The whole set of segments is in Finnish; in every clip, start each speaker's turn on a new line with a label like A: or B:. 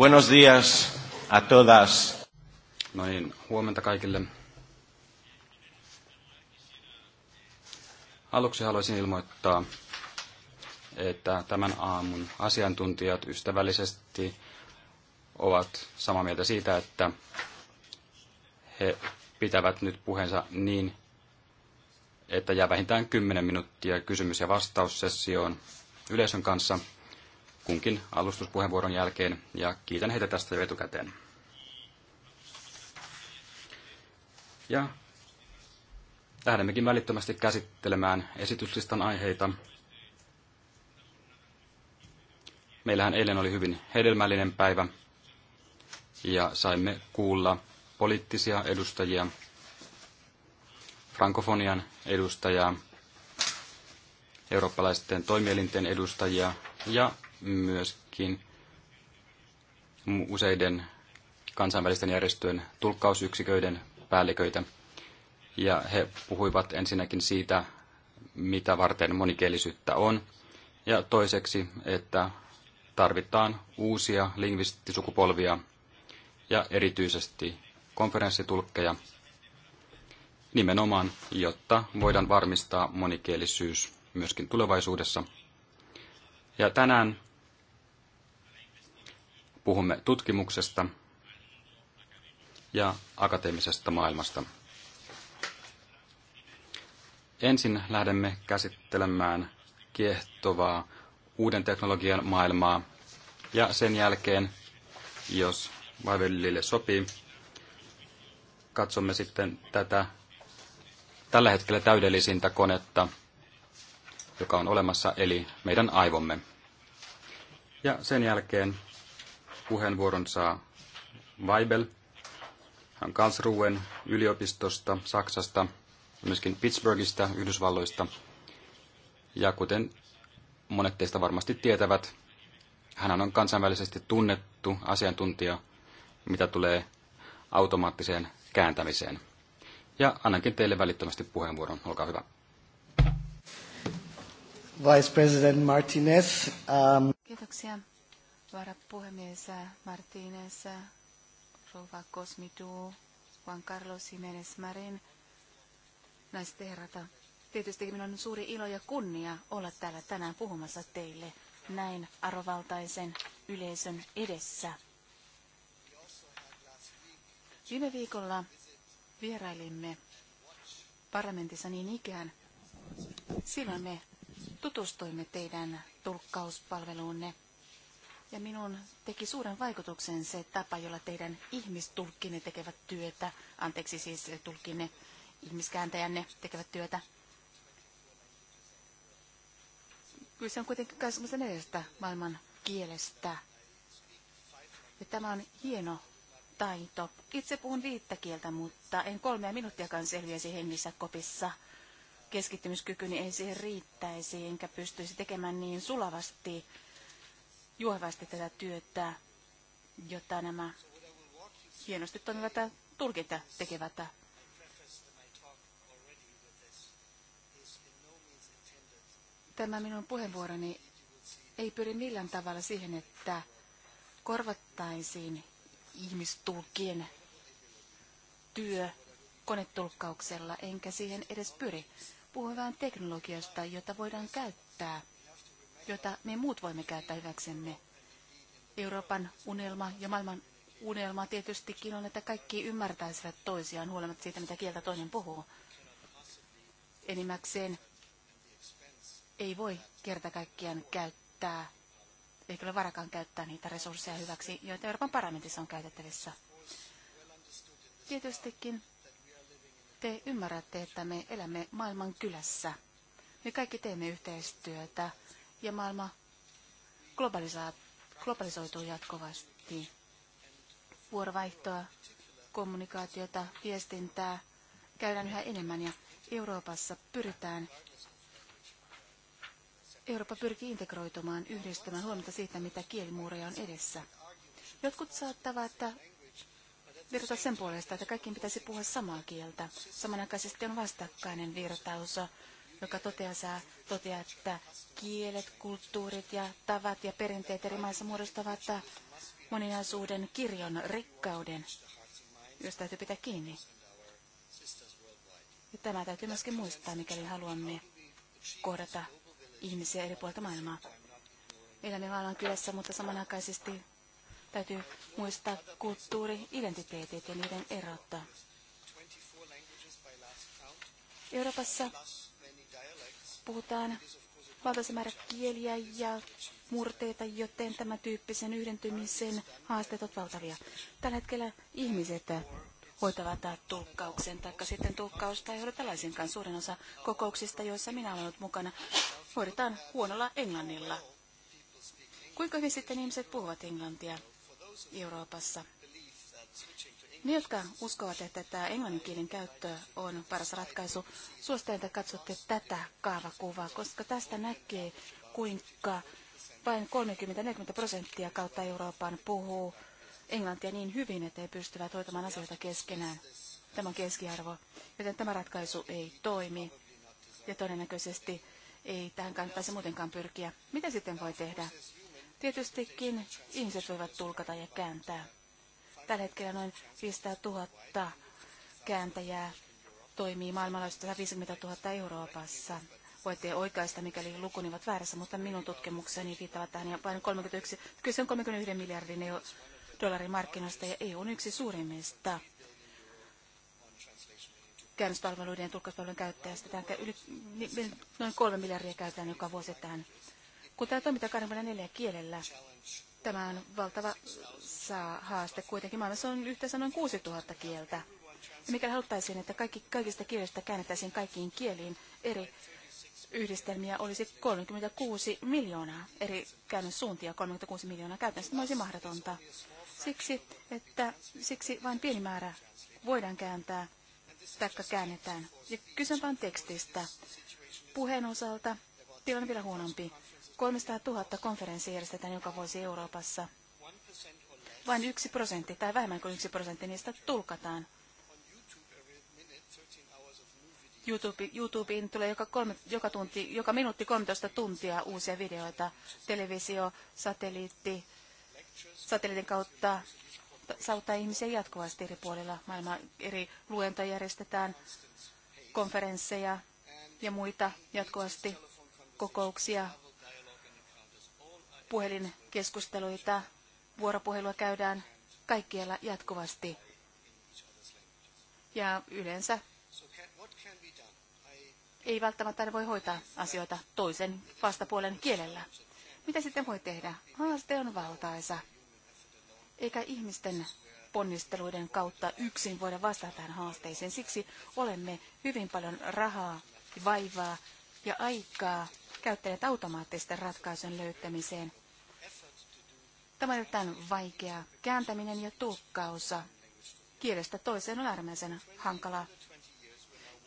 A: Buenos días a todas. No niin, huomenta kaikille. Aluksi haluaisin ilmoittaa, että tämän aamun asiantuntijat ystävällisesti ovat samaa mieltä siitä, että he pitävät nyt puheensa niin, että jää vähintään 10 minuuttia kysymys- ja vastaussessioon yleisön kanssa – kunkin alustuspuheenvuoron jälkeen ja kiitän heitä tästä jo etukäteen. Ja lähdemmekin välittömästi käsittelemään esityslistan aiheita. Meillähän eilen oli hyvin hedelmällinen päivä ja saimme kuulla poliittisia edustajia, frankofonian edustajaa, eurooppalaisten toimielinten edustajia ja myöskin useiden kansainvälisten järjestöjen tulkkausyksiköiden päälliköitä. Ja he puhuivat ensinnäkin siitä, mitä varten monikielisyyttä on, ja toiseksi, että tarvitaan uusia lingvistisukupolvia ja erityisesti konferenssitulkkeja nimenomaan, jotta voidaan varmistaa monikielisyys myöskin tulevaisuudessa. Ja tänään puhumme tutkimuksesta ja akateemisesta maailmasta. Ensin lähdemme käsittelemään kiehtovaa uuden teknologian maailmaa ja sen jälkeen, jos Vaivellille sopii, katsomme sitten tätä tällä hetkellä täydellisintä konetta, joka on olemassa, eli meidän aivomme. Ja sen jälkeen puheenvuoron saa Weibel. Hän on Karlsruen yliopistosta, Saksasta, myöskin Pittsburghista, Yhdysvalloista. Ja kuten monet teistä varmasti tietävät, hän on kansainvälisesti tunnettu asiantuntija, mitä tulee automaattiseen kääntämiseen. Ja annankin teille välittömästi puheenvuoron. Olkaa hyvä.
B: Vice President Martinez. Um...
C: Kiitoksia varapuhemies äh, Martínez, äh, rouva Cosmidu, Juan Carlos Jiménez Marin, naiset herrata. Tietysti minulla on suuri ilo ja kunnia olla täällä tänään puhumassa teille näin arvovaltaisen yleisön edessä. Viime viikolla vierailimme parlamentissa niin ikään. Silloin me tutustuimme teidän tulkkauspalveluunne ja minun teki suuren vaikutuksen se tapa, jolla teidän ihmistulkkinne tekevät työtä, anteeksi siis tulkinne, ihmiskääntäjänne tekevät työtä. Kyllä se on kuitenkin neljästä maailman kielestä. Ja tämä on hieno taito. Itse puhun viittä kieltä, mutta en kolmea minuuttiakaan selviäisi hengissä kopissa. Keskittymiskykyni ei siihen riittäisi, enkä pystyisi tekemään niin sulavasti juohavasti tätä työtä, jotta nämä hienosti toimivat tulkinta tekevät tämä minun puheenvuoroni ei pyri millään tavalla siihen, että korvattaisiin ihmistulkien työ konetulkkauksella, enkä siihen edes pyri. Puhun vain teknologiasta, jota voidaan käyttää joita me muut voimme käyttää hyväksemme. Euroopan unelma ja maailman unelma tietystikin on, että kaikki ymmärtäisivät toisiaan huolimatta siitä, mitä kieltä toinen puhuu. Enimmäkseen ei voi kerta kaikkiaan käyttää, ei ole varakaan käyttää niitä resursseja hyväksi, joita Euroopan parlamentissa on käytettävissä. Tietystikin te ymmärrätte, että me elämme maailman kylässä. Me kaikki teemme yhteistyötä ja maailma globalisoituu jatkuvasti. Vuorovaihtoa, kommunikaatiota, viestintää käydään yhä enemmän ja Euroopassa pyritään Eurooppa pyrkii integroitumaan, yhdistämään huomenta siitä, mitä kielimuureja on edessä. Jotkut saattavat virta sen puolesta, että kaikkien pitäisi puhua samaa kieltä. Samanaikaisesti on vastakkainen virtaus joka toteaa, toteaa, että kielet, kulttuurit ja tavat ja perinteet eri maissa muodostavat moninaisuuden kirjon rikkauden, josta täytyy pitää kiinni. Ja tämä täytyy myöskin muistaa, mikäli haluamme kohdata ihmisiä eri puolta maailmaa. Elämme maailman kylässä, mutta samanaikaisesti täytyy muistaa kulttuuri-identiteetit ja niiden erottaa. Euroopassa puhutaan valtaisen määrä kieliä ja murteita, joten tämän tyyppisen yhdentymisen haasteet ovat valtavia. Tällä hetkellä ihmiset hoitavat tulkkauksen, taikka sitten tulkkausta ei ole laisinkaan. Suurin osa kokouksista, joissa minä olen ollut mukana, hoidetaan huonolla englannilla. Kuinka hyvin sitten ihmiset puhuvat englantia Euroopassa? Ne, jotka uskovat, että tämä englannin kielen käyttö on paras ratkaisu, suosittelen, että katsotte tätä kaavakuvaa, koska tästä näkee, kuinka vain 30-40 prosenttia kautta Euroopan puhuu englantia niin hyvin, että he pystyvät hoitamaan asioita keskenään. Tämä on keskiarvo, joten tämä ratkaisu ei toimi ja todennäköisesti ei tähän kannattaisi muutenkaan pyrkiä. Mitä sitten voi tehdä? Tietystikin ihmiset voivat tulkata ja kääntää Tällä hetkellä noin 500 000 kääntäjää toimii maailmanlaajuisesti 150 000 Euroopassa. Voitte oikaista, mikäli lukuni ovat väärässä, mutta minun tutkimukseni viittavat tähän. Ja vain 31, kyse on 31 miljardin dollarin markkinoista ja EU on yksi suurimmista käännöspalveluiden ja tulkkauspalvelujen käyttäjästä. Tämä yli, niin, noin kolme miljardia käytetään joka vuosi tähän. Kun tämä toimitaan 24 kielellä, Tämä on valtava haaste kuitenkin. Maailmassa on yhteensä noin 6000 kieltä. Ja mikä haluttaisiin, että kaikki, kaikista kielistä käännettäisiin kaikkiin kieliin, eri yhdistelmiä olisi 36 miljoonaa, eri käännössuuntia 36 miljoonaa. Käytännössä tämä olisi mahdotonta. Siksi, että siksi vain pieni määrä voidaan kääntää, taikka käännetään. Ja kyse on vain tekstistä. Puheen osalta tilanne vielä huonompi. 300 000 konferenssia järjestetään joka vuosi Euroopassa. Vain yksi prosentti tai vähemmän kuin yksi prosentti niistä tulkataan. YouTube, YouTubeen tulee joka, kolme, joka, tunti, joka minuutti 13 tuntia uusia videoita. Televisio, satelliitti, satelliitin kautta sauttaa ihmisiä jatkuvasti eri puolilla maailmaa. Eri luentoja järjestetään, konferensseja ja muita jatkuvasti kokouksia, puhelinkeskusteluita, vuoropuhelua käydään kaikkialla jatkuvasti. Ja yleensä ei välttämättä voi hoitaa asioita toisen vastapuolen kielellä. Mitä sitten voi tehdä? Haaste on valtaisa. Eikä ihmisten ponnisteluiden kautta yksin voida vastata tähän haasteeseen. Siksi olemme hyvin paljon rahaa, vaivaa ja aikaa käyttäneet automaattisten ratkaisun löytämiseen. Tämä on erittäin vaikea kääntäminen ja tulkkaus. Kielestä toiseen on äärimmäisen hankalaa.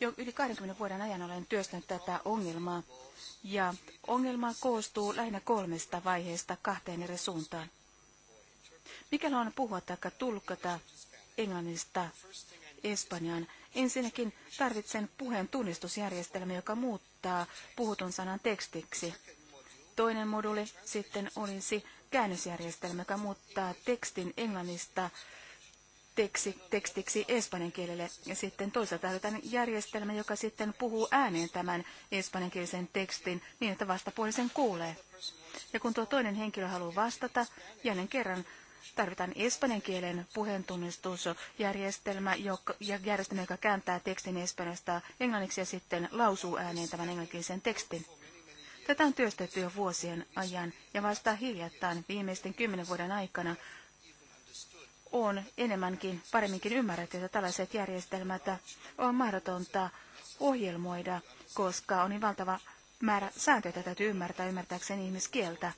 C: Jo yli 20 vuoden ajan olen työstänyt tätä ongelmaa, ja ongelma koostuu lähinnä kolmesta vaiheesta kahteen eri suuntaan. Mikäli on puhua tai tulkata englannista Espanjaan, ensinnäkin tarvitsen puheen tunnistusjärjestelmä, joka muuttaa puhutun sanan tekstiksi. Toinen moduli sitten olisi käännösjärjestelmä, joka muuttaa tekstin englannista tekstiksi espanjan kielelle. Ja sitten toisaalta tarvitaan järjestelmä, joka sitten puhuu ääneen tämän espanjankielisen tekstin niin, että vastapuolisen kuulee. Ja kun tuo toinen henkilö haluaa vastata, jälleen kerran tarvitaan espanjan kielen puheentunnistusjärjestelmä, joka, järjestelmä, joka kääntää tekstin espanjasta englanniksi ja sitten lausuu ääneen tämän englanninkielisen tekstin. Tätä on työstetty jo vuosien ajan ja vasta hiljattain viimeisten kymmenen vuoden aikana on enemmänkin, paremminkin ymmärretty, että tällaiset järjestelmät on mahdotonta ohjelmoida, koska on niin valtava määrä sääntöjä, että täytyy ymmärtää ymmärtääkseen ihmiskieltä.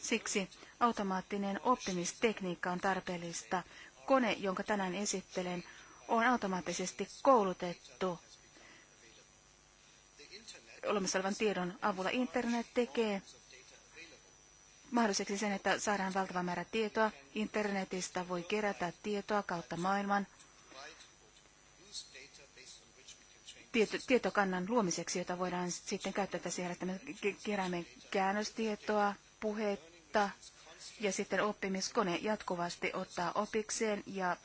C: Siksi automaattinen oppimistekniikka on tarpeellista. Kone, jonka tänään esittelen, on automaattisesti koulutettu olemassa olevan tiedon avulla. Internet tekee mahdolliseksi sen, että saadaan valtava määrä tietoa. Internetistä voi kerätä tietoa kautta maailman tietokannan luomiseksi, jota voidaan sitten käyttää tässä siellä, että me keräämme käännöstietoa, puhetta ja sitten oppimiskone jatkuvasti ottaa opikseen ja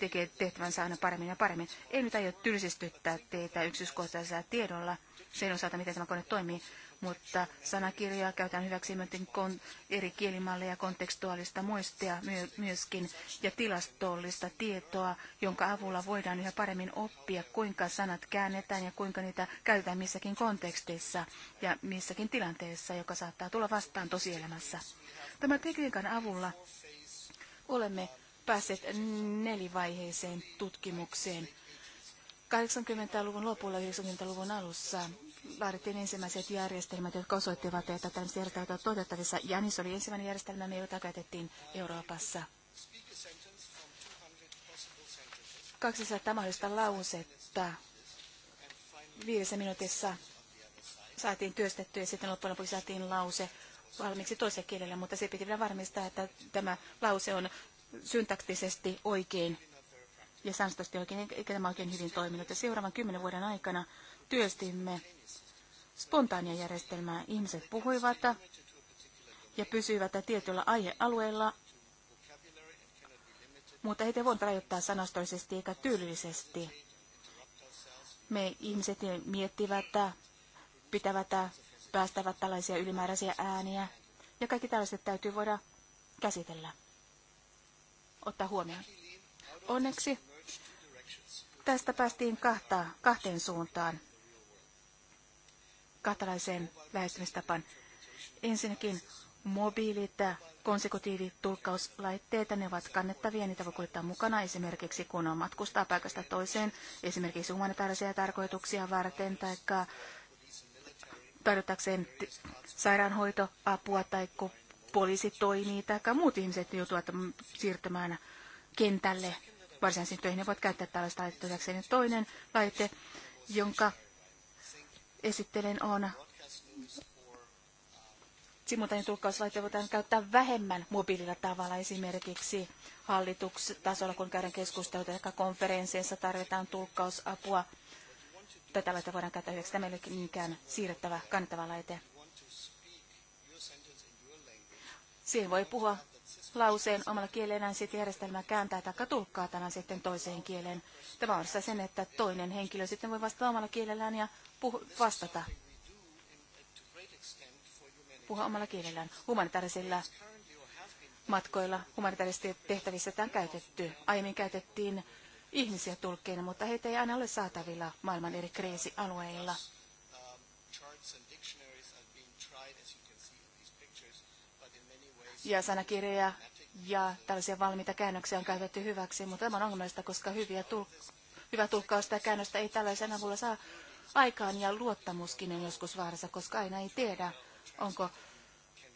C: tekee tehtävänsä aina paremmin ja paremmin. Ei nyt aio tylsistyttää teitä yksityiskohtaisella tiedolla sen osalta, miten tämä kone toimii, mutta sanakirjaa käytetään hyväksi kon- eri kielimalleja, kontekstuaalista muistia my- myöskin ja tilastollista tietoa, jonka avulla voidaan yhä paremmin oppia, kuinka sanat käännetään ja kuinka niitä käytetään missäkin kontekstissa ja missäkin tilanteessa, joka saattaa tulla vastaan tosielämässä. Tämän tekniikan avulla olemme päässeet nelivaiheiseen tutkimukseen. 80-luvun lopulla 90-luvun alussa laadittiin ensimmäiset järjestelmät, jotka osoittivat, että tällaiset järjestelmät on toteutettavissa. Ja niissä oli ensimmäinen järjestelmä, jota käytettiin Euroopassa. 200 mahdollista lausetta viidessä minuutissa saatiin työstettyä ja sitten loppujen lopuksi saatiin lause valmiiksi toisella kielellä, mutta se piti vielä varmistaa, että tämä lause on syntaktisesti oikein ja sanotusti oikein, eikä tämä oikein hyvin toiminut. Ja seuraavan kymmenen vuoden aikana työstimme spontaania järjestelmää. Ihmiset puhuivat ja pysyivät tietyllä aihealueella, mutta heitä voivat rajoittaa sanastollisesti eikä tyylillisesti. Me ihmiset miettivät, pitävät, päästävät tällaisia ylimääräisiä ääniä ja kaikki tällaiset täytyy voida käsitellä ottaa huomioon. Onneksi tästä päästiin kahta, kahteen suuntaan, kahtalaiseen lähestymistapaan. Ensinnäkin mobiilit konsekutiivitulkkauslaitteita, ne ovat kannettavia, niitä voi kuljettaa mukana esimerkiksi kun on matkustaa paikasta toiseen, esimerkiksi humanitaarisia tarkoituksia varten tai tarjotakseen sairaanhoitoapua tai poliisi toimii tai muut ihmiset joutuvat siirtymään kentälle varsinaisiin töihin. Ne voivat käyttää tällaista laitetta hyväkseen. Toinen laite, jonka esittelen, on simultaanin tulkkauslaite voidaan käyttää vähemmän mobiililla tavalla esimerkiksi hallitustasolla, kun käydään keskustelua tai konferensseissa tarvitaan tulkkausapua. Tätä laitetta voidaan käyttää yhdeksi. Tämä ei ole niinkään siirrettävä, kannettava laite. Siihen voi puhua lauseen omalla kielellään, sitten järjestelmä kääntää tai tulkkaa tämän sitten toiseen kieleen. Tämä on sen, että toinen henkilö sitten voi vastata omalla kielellään ja puhu, vastata. Puhua omalla kielellään. Humanitaarisilla matkoilla humanitaarisesti tehtävissä tämä on käytetty. Aiemmin käytettiin ihmisiä tulkkeina, mutta heitä ei aina ole saatavilla maailman eri kriisialueilla. ja sanakirjoja ja tällaisia valmiita käännöksiä on käytetty hyväksi, mutta tämä on ongelmallista, koska hyviä tul- hyvä tulkkaus ja käännöstä ei tällaisen avulla saa aikaan ja luottamuskin on joskus vaarassa, koska aina ei tiedä, onko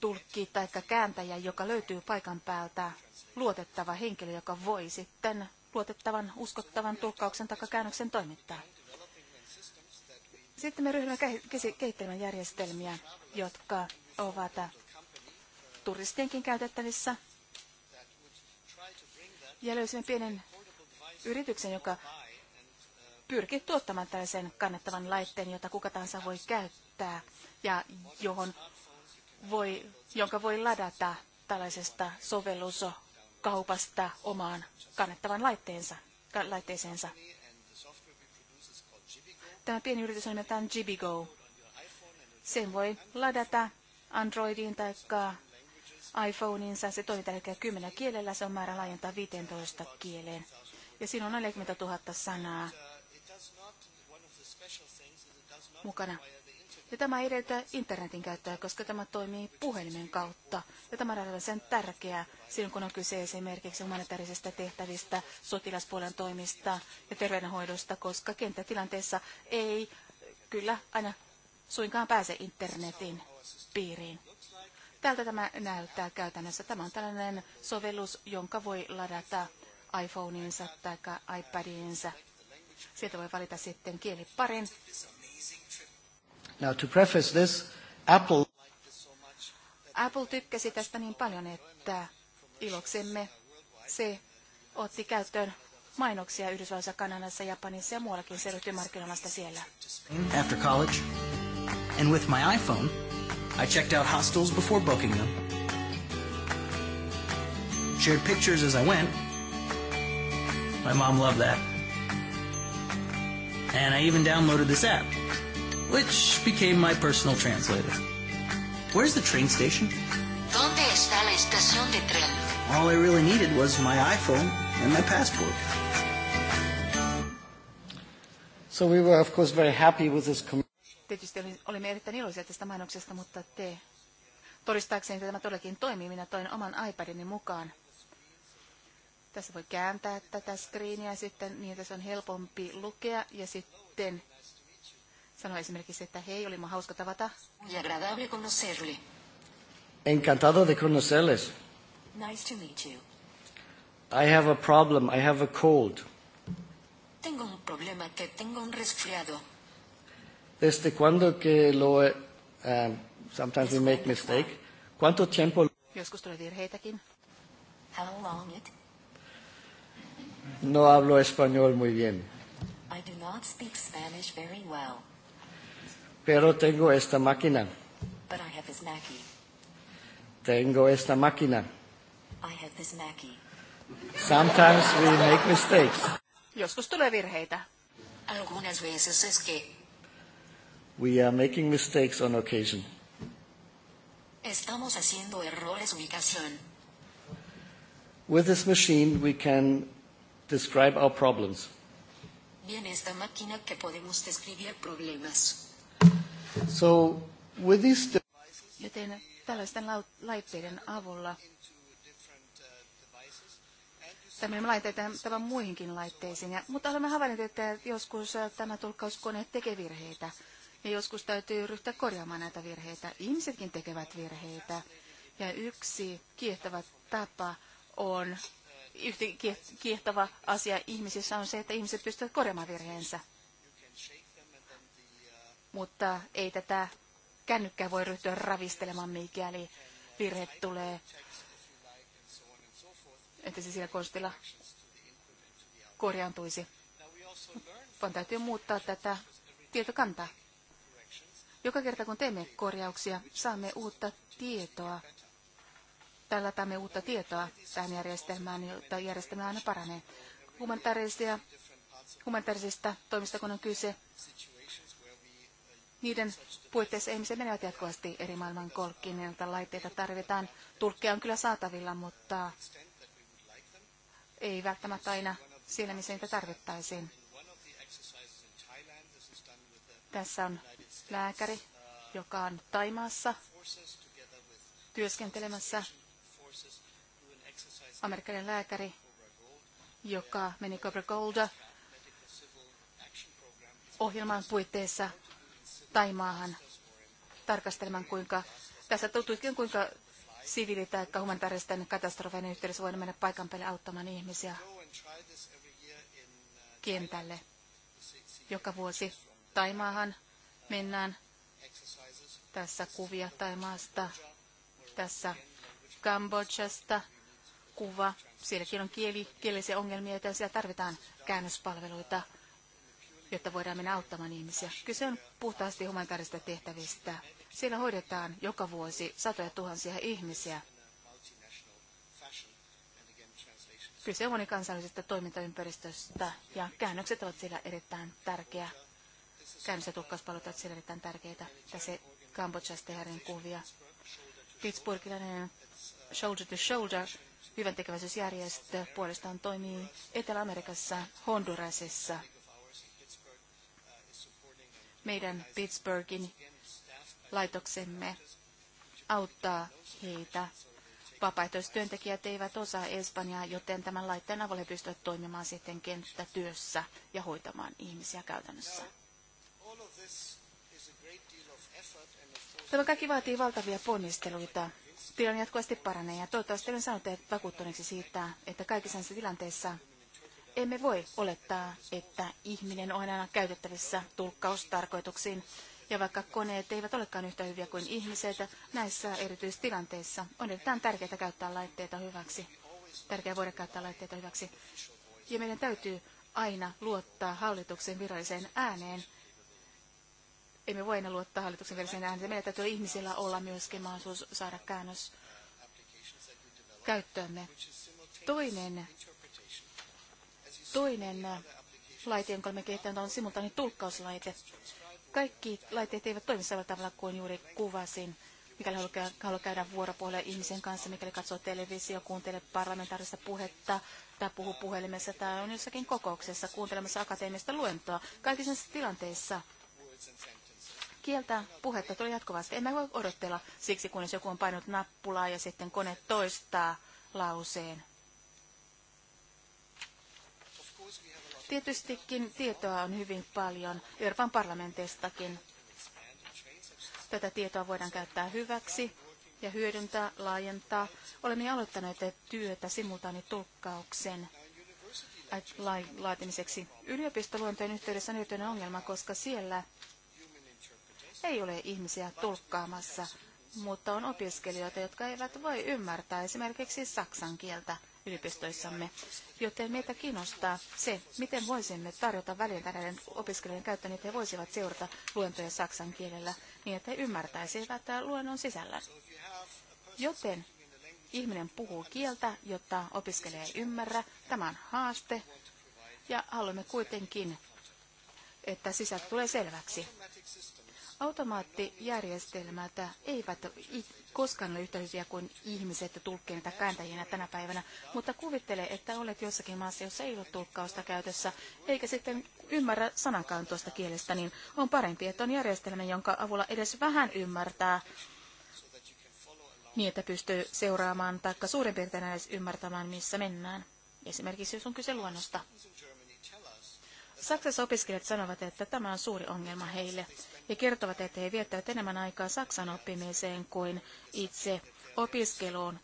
C: tulkki tai kääntäjä, joka löytyy paikan päältä, luotettava henkilö, joka voi sitten luotettavan, uskottavan tulkkauksen tai käännöksen toimittaa. Sitten me ryhdymme kehittelemään järjestelmiä, jotka ovat turistienkin käytettävissä. Ja löysimme pienen yrityksen, joka pyrkii tuottamaan tällaisen kannettavan laitteen, jota kuka tahansa voi käyttää ja johon voi, jonka voi ladata tällaisesta sovelluskaupasta omaan kannettavan laitteensa, laitteeseensa.
D: Tämä pieni yritys on
C: nimeltään Jibigo. Sen voi ladata Androidiin tai iPhoneinsa. Se toimii tällä hetkellä kymmenellä kielellä. Se on määrä laajentaa 15 kieleen. Ja siinä on 40 000 sanaa mukana. Ja tämä ei edellytä internetin käyttöä, koska tämä toimii puhelimen kautta. Ja tämä on sen tärkeää silloin, kun on kyse esimerkiksi humanitaarisista tehtävistä, sotilaspuolen toimista ja terveydenhoidosta, koska kenttätilanteessa ei kyllä aina suinkaan pääse internetin piiriin. Tältä tämä näyttää käytännössä. Tämä on tällainen sovellus, jonka voi ladata iPhoneinsa tai iPadinsa. Sieltä voi valita sitten kieliparin.
B: Now to preface this, Apple...
C: Apple tykkäsi tästä niin paljon, että iloksemme se otti käyttöön mainoksia Yhdysvalloissa, Kanadassa, Japanissa ja muuallakin. Se ryhtyi markkinoimasta siellä.
D: After college, and with my iPhone, I checked out hostels before booking them, shared pictures as I went. My mom loved that. And I even downloaded this app, which became my personal translator. Where's the train station? ¿Dónde está la estación de tren?
B: All I really needed was my iPhone and my passport. So we were, of course, very happy with this.
C: Tietysti olimme erittäin iloisia tästä mainoksesta, mutta te todistaakseni, että tämä todellakin toimii, minä toin oman iPadini mukaan. Tässä voi kääntää tätä screeniä sitten niin, että se on helpompi lukea ja sitten sanoa esimerkiksi, että hei, olimme hauska tavata.
B: Encantado de conocerles.
C: Nice to meet you.
B: I have a problem. I have a cold.
C: Tengo un problema que tengo un resfriado.
B: Este, cuando que lo, um, sometimes we make mistake. Cuánto tiempo...
C: Joskus tulee virheitäkin. How long it?
B: No hablo español muy bien.
C: I do not speak Spanish very well.
B: Pero tengo esta máquina.
D: But I have this Mackie.
B: Tengo esta máquina.
C: I have this Mackie.
B: Sometimes we make mistakes.
C: Joskus tulee virheitä. Algunas veces es que
B: We are making mistakes on occasion.
C: Estamos haciendo errores ubicación.
B: With this machine we can describe our problems.
C: Bien, esta máquina que podemos describir problemas.
B: So, with these
C: Joten tällaisten laitteiden avulla Tämä laitetaan tämän muihinkin laitteisiin, ja, mutta olemme havainneet, että joskus tämä tulkkauskone tekee virheitä. Ja joskus täytyy ryhtyä korjaamaan näitä virheitä. Ihmisetkin tekevät virheitä. Ja yksi kiehtova tapa on, yhtä kiehtova asia ihmisissä on se, että ihmiset pystyvät korjaamaan virheensä. Mutta ei tätä kännykkää voi ryhtyä ravistelemaan, mikäli virhe tulee.
D: Että se sillä konstilla
C: korjaantuisi. Vaan täytyy muuttaa tätä tietokantaa. Joka kerta kun teemme korjauksia, saamme uutta tietoa. Tällä saamme uutta tietoa tähän järjestelmään, jotta järjestelmä aina paranee. humanitaarisista toimista, kun on kyse, niiden puitteissa ihmiset menevät jatkuvasti eri maailman kolkkiin, näitä niin laitteita tarvitaan. Tulkkeja on kyllä saatavilla, mutta ei välttämättä aina siellä, missä niitä tarvittaisiin. Tässä on lääkäri, joka on Taimaassa työskentelemässä,
D: amerikkalainen lääkäri,
C: joka meni Cobra Golda ohjelman puitteissa Taimaahan tarkastelemaan, kuinka tässä tutkin, kuinka siviili- tai humanitaaristen katastrofeiden yhteydessä voidaan mennä paikan päälle auttamaan ihmisiä kentälle joka vuosi Taimaahan mennään.
B: Tässä kuvia Taimaasta,
C: tässä Kambodžasta kuva. Sielläkin on kieli, kielisiä ongelmia, joita siellä tarvitaan käännöspalveluita, jotta voidaan mennä auttamaan ihmisiä. Kyse on puhtaasti humanitaarista tehtävistä. Siellä hoidetaan joka vuosi satoja tuhansia ihmisiä. Kyse on monikansallisesta toimintaympäristöstä ja käännökset ovat siellä erittäin tärkeä Säännölliset uhkauspalvelut ovat siellä erittäin tärkeitä. Tässä Kambodžasta tehdään kuvia. Pittsburghilainen Shoulder to Shoulder hyvän tekeväisyysjärjestö puolestaan toimii Etelä-Amerikassa, Hondurasissa.
D: Meidän Pittsburghin laitoksemme
C: auttaa heitä. Vapaaehtoistyöntekijät eivät osaa Espanjaa, joten tämän laitteen avulla he pystyvät toimimaan sitten kenttätyössä ja hoitamaan ihmisiä käytännössä. Tämä kaikki vaatii valtavia ponnisteluita. Tilanne jatkuvasti paranee ja toivottavasti olen saanut teidät vakuuttuneeksi siitä, että kaikissa näissä tilanteissa emme voi olettaa, että ihminen on aina käytettävissä tulkkaustarkoituksiin. Ja vaikka koneet eivät olekaan yhtä hyviä kuin ihmiset, näissä erityistilanteissa on erittäin tärkeää käyttää laitteita hyväksi. Tärkeää voida käyttää laitteita hyväksi. Ja meidän täytyy aina luottaa hallituksen viralliseen ääneen emme voi enää luottaa hallituksen väliseen ääneen. Meillä täytyy ihmisillä olla myöskin mahdollisuus saada käännös
D: käyttöömme.
C: Toinen, toinen laite, jonka olemme kehittäneet, on simultaani tulkkauslaite. Kaikki laitteet eivät toimi samalla tavalla kuin juuri kuvasin. Mikäli haluaa käydä vuoropuhelua ihmisen kanssa, mikäli katsoo televisio, kuuntelee parlamentaarista puhetta tai puhuu puhelimessa tai on jossakin kokouksessa kuuntelemassa akateemista luentoa, kaikissa tilanteissa kieltää puhetta tuli jatkuvasti. Emme voi odottella siksi, kunnes joku on painanut nappulaa ja sitten kone toistaa lauseen. Tietystikin tietoa on hyvin paljon Euroopan parlamenteistakin.
D: Tätä tietoa voidaan
C: käyttää hyväksi ja hyödyntää, laajentaa. Olemme aloittaneet työtä simultaanitulkkauksen laatimiseksi. Yliopistoluontojen yhteydessä on ongelma, koska siellä ei ole ihmisiä tulkkaamassa, mutta on opiskelijoita, jotka eivät voi ymmärtää esimerkiksi saksan kieltä yliopistoissamme, joten meitä kiinnostaa se, miten voisimme tarjota välineitä näiden opiskelijoiden käyttöön, niin että he voisivat seurata luentoja saksan kielellä, niin että he ymmärtäisivät luennon sisällön. Joten ihminen puhuu kieltä, jotta opiskelija ei ymmärrä. Tämä on haaste, ja haluamme kuitenkin, että sisältö tulee selväksi. Automaattijärjestelmät eivät koskaan ole yhtä hyviä kuin ihmiset tulkkeina tai kääntäjinä tänä päivänä, mutta kuvittele, että olet jossakin maassa, jossa ei ole tulkkausta käytössä, eikä sitten ymmärrä sanankaan tuosta kielestä, niin on parempi, että on järjestelmä, jonka avulla edes vähän ymmärtää niin, että pystyy seuraamaan tai suurin piirtein edes ymmärtämään, missä mennään. Esimerkiksi jos on kyse luonnosta. Saksassa opiskelijat sanovat, että tämä on suuri ongelma heille ja kertovat, että he viettävät enemmän aikaa Saksan oppimiseen kuin itse opiskeluun.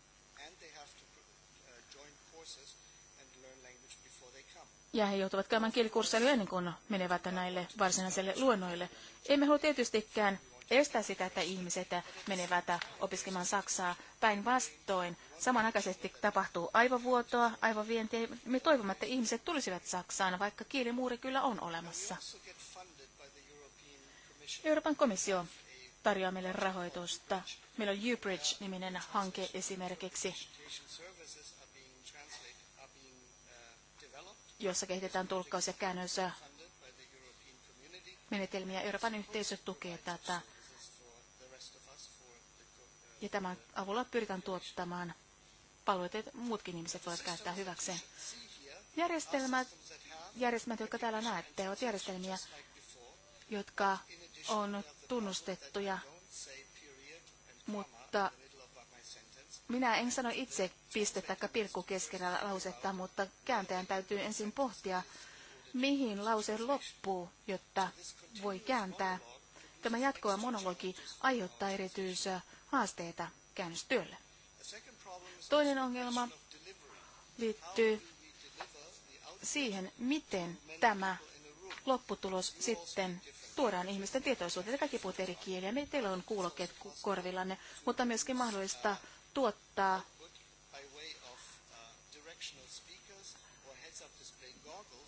C: Ja he joutuvat käymään kielikursseille ennen kuin menevät näille varsinaisille luennoille. Emme halua tietystikään estää sitä, että ihmiset menevät opiskelemaan Saksaa. Päinvastoin samanaikaisesti tapahtuu aivovuotoa, aivovientiä. Me toivomme, että ihmiset tulisivat Saksaan, vaikka kielimuuri kyllä on olemassa. Euroopan komissio tarjoaa meille rahoitusta. Meillä on U-Bridge-niminen hanke esimerkiksi, jossa kehitetään tulkkaus- ja käännössä menetelmiä. Euroopan yhteisö tukee tätä. Ja tämän avulla pyritään tuottamaan palveluita, että muutkin ihmiset voivat käyttää hyväkseen. Järjestelmät, järjestelmät, jotka täällä näette, ovat järjestelmiä, jotka on tunnustettuja,
D: mutta
C: minä en sano itse piste tai pilkku keskellä lausetta, mutta kääntäjän täytyy ensin pohtia, mihin lause loppuu, jotta voi kääntää. Tämä jatkoa monologi aiheuttaa erityisiä haasteita käännöstyölle. Toinen ongelma liittyy siihen, miten tämä lopputulos sitten tuodaan ihmisten tietoisuuteen. Kaikki puhut eri kieliä. teillä on kuulokkeet korvillanne, mutta myöskin mahdollista tuottaa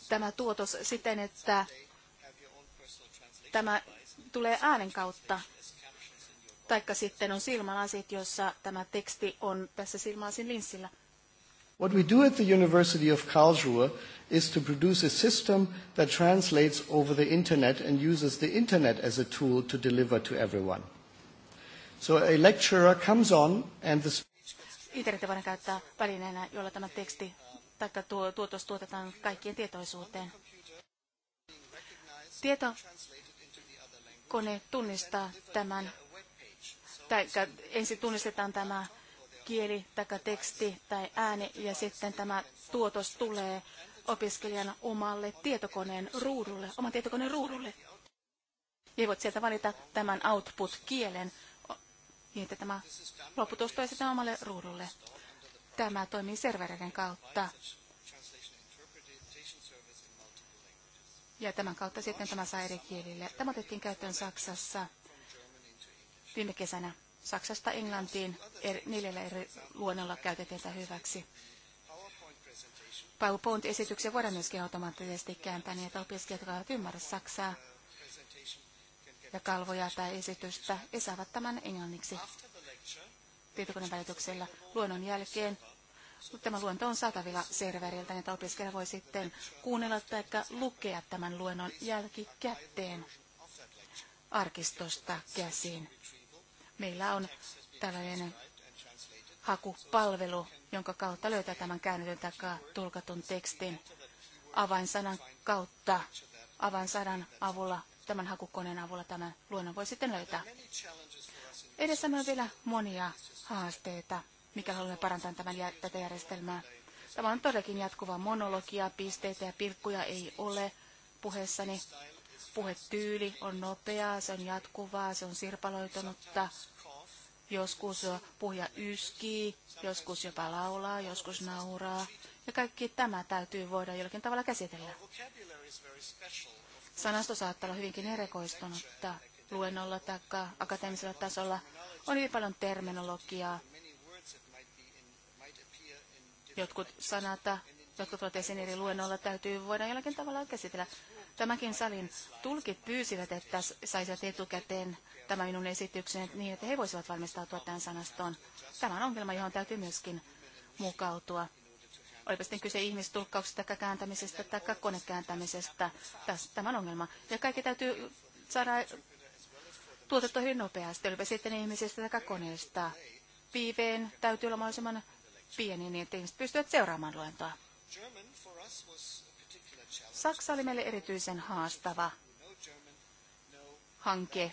B: tämä tuotos siten, että tämä
C: tulee äänen kautta. Taikka sitten on silmälasit, jossa tämä teksti on tässä silmälasin linssillä.
B: What we do at the University of Karlsruhe is to produce a system that translates over the internet and uses the internet as a tool to deliver to everyone. So a lecturer comes on and the
C: Internetin voidaan käyttää välineenä, jolla tämä teksti tai tuo, tuotos tuotetaan kaikkien tietoisuuteen. Tietokone tunnistaa tämän, tai ensin tunnistetaan tämä kieli tai teksti tai ääni ja sitten tämä tuotos tulee opiskelijan omalle tietokoneen ruudulle, oman tietokoneen ruudulle. Ja voit sieltä valita tämän output-kielen, niin että tämä lopputulos tulee sitten omalle ruudulle. Tämä toimii servereiden kautta.
D: Ja tämän kautta sitten tämä saa
C: eri kielille. Tämä otettiin käyttöön Saksassa viime kesänä Saksasta Englantiin eri, neljällä eri luonnolla käytetään hyväksi.
D: PowerPoint-esityksen voidaan
C: myöskin automaattisesti kääntää niin, että opiskelijat, jotka eivät ymmärrä Saksaa ja kalvoja tai esitystä, ja saavat tämän englanniksi tietokoneen välityksellä luonnon jälkeen. Tämä luento on saatavilla serveriltä, niin että opiskelija voi sitten kuunnella tai lukea tämän luennon jälkikäteen arkistosta käsin Meillä on tällainen hakupalvelu, jonka kautta löytää tämän käännetyn takaa tulkatun tekstin avainsanan kautta, avainsanan avulla, tämän hakukoneen avulla tämän luonnon voi sitten löytää. Edessämme on vielä monia haasteita, mikä haluamme parantaa tämän, tätä järjestelmää. Tämä on todellakin jatkuva monologia, pisteitä ja pilkkuja ei ole puheessani. Puhetyyli on nopeaa, se on jatkuvaa, se on sirpaloitunutta. Joskus puhja yskii, joskus jopa laulaa, joskus nauraa. Ja kaikki tämä täytyy voida jollakin tavalla käsitellä. Sanasto saattaa olla hyvinkin erikoistunutta luennolla tai akateemisella tasolla. On hyvin paljon terminologiaa. Jotkut sanat, jotkut ovat esiin eri luennolla, täytyy voida jollakin tavalla käsitellä. Tämäkin salin tulkit pyysivät, että saisivat etukäteen tämä minun esitykseni niin, että he voisivat valmistautua tämän sanastoon. Tämä on ongelma, johon täytyy myöskin mukautua. Olipa sitten kyse ihmistulkkauksesta, tai kääntämisestä, tai konekääntämisestä. Tämä on ongelma. Ja kaikki täytyy saada tuotettua hyvin nopeasti, olipa sitten ihmisestä tai koneesta. Viiveen täytyy olla mahdollisimman pieni, niin että ihmiset pystyvät seuraamaan luentoa.
D: Saksa oli meille erityisen haastava
C: hanke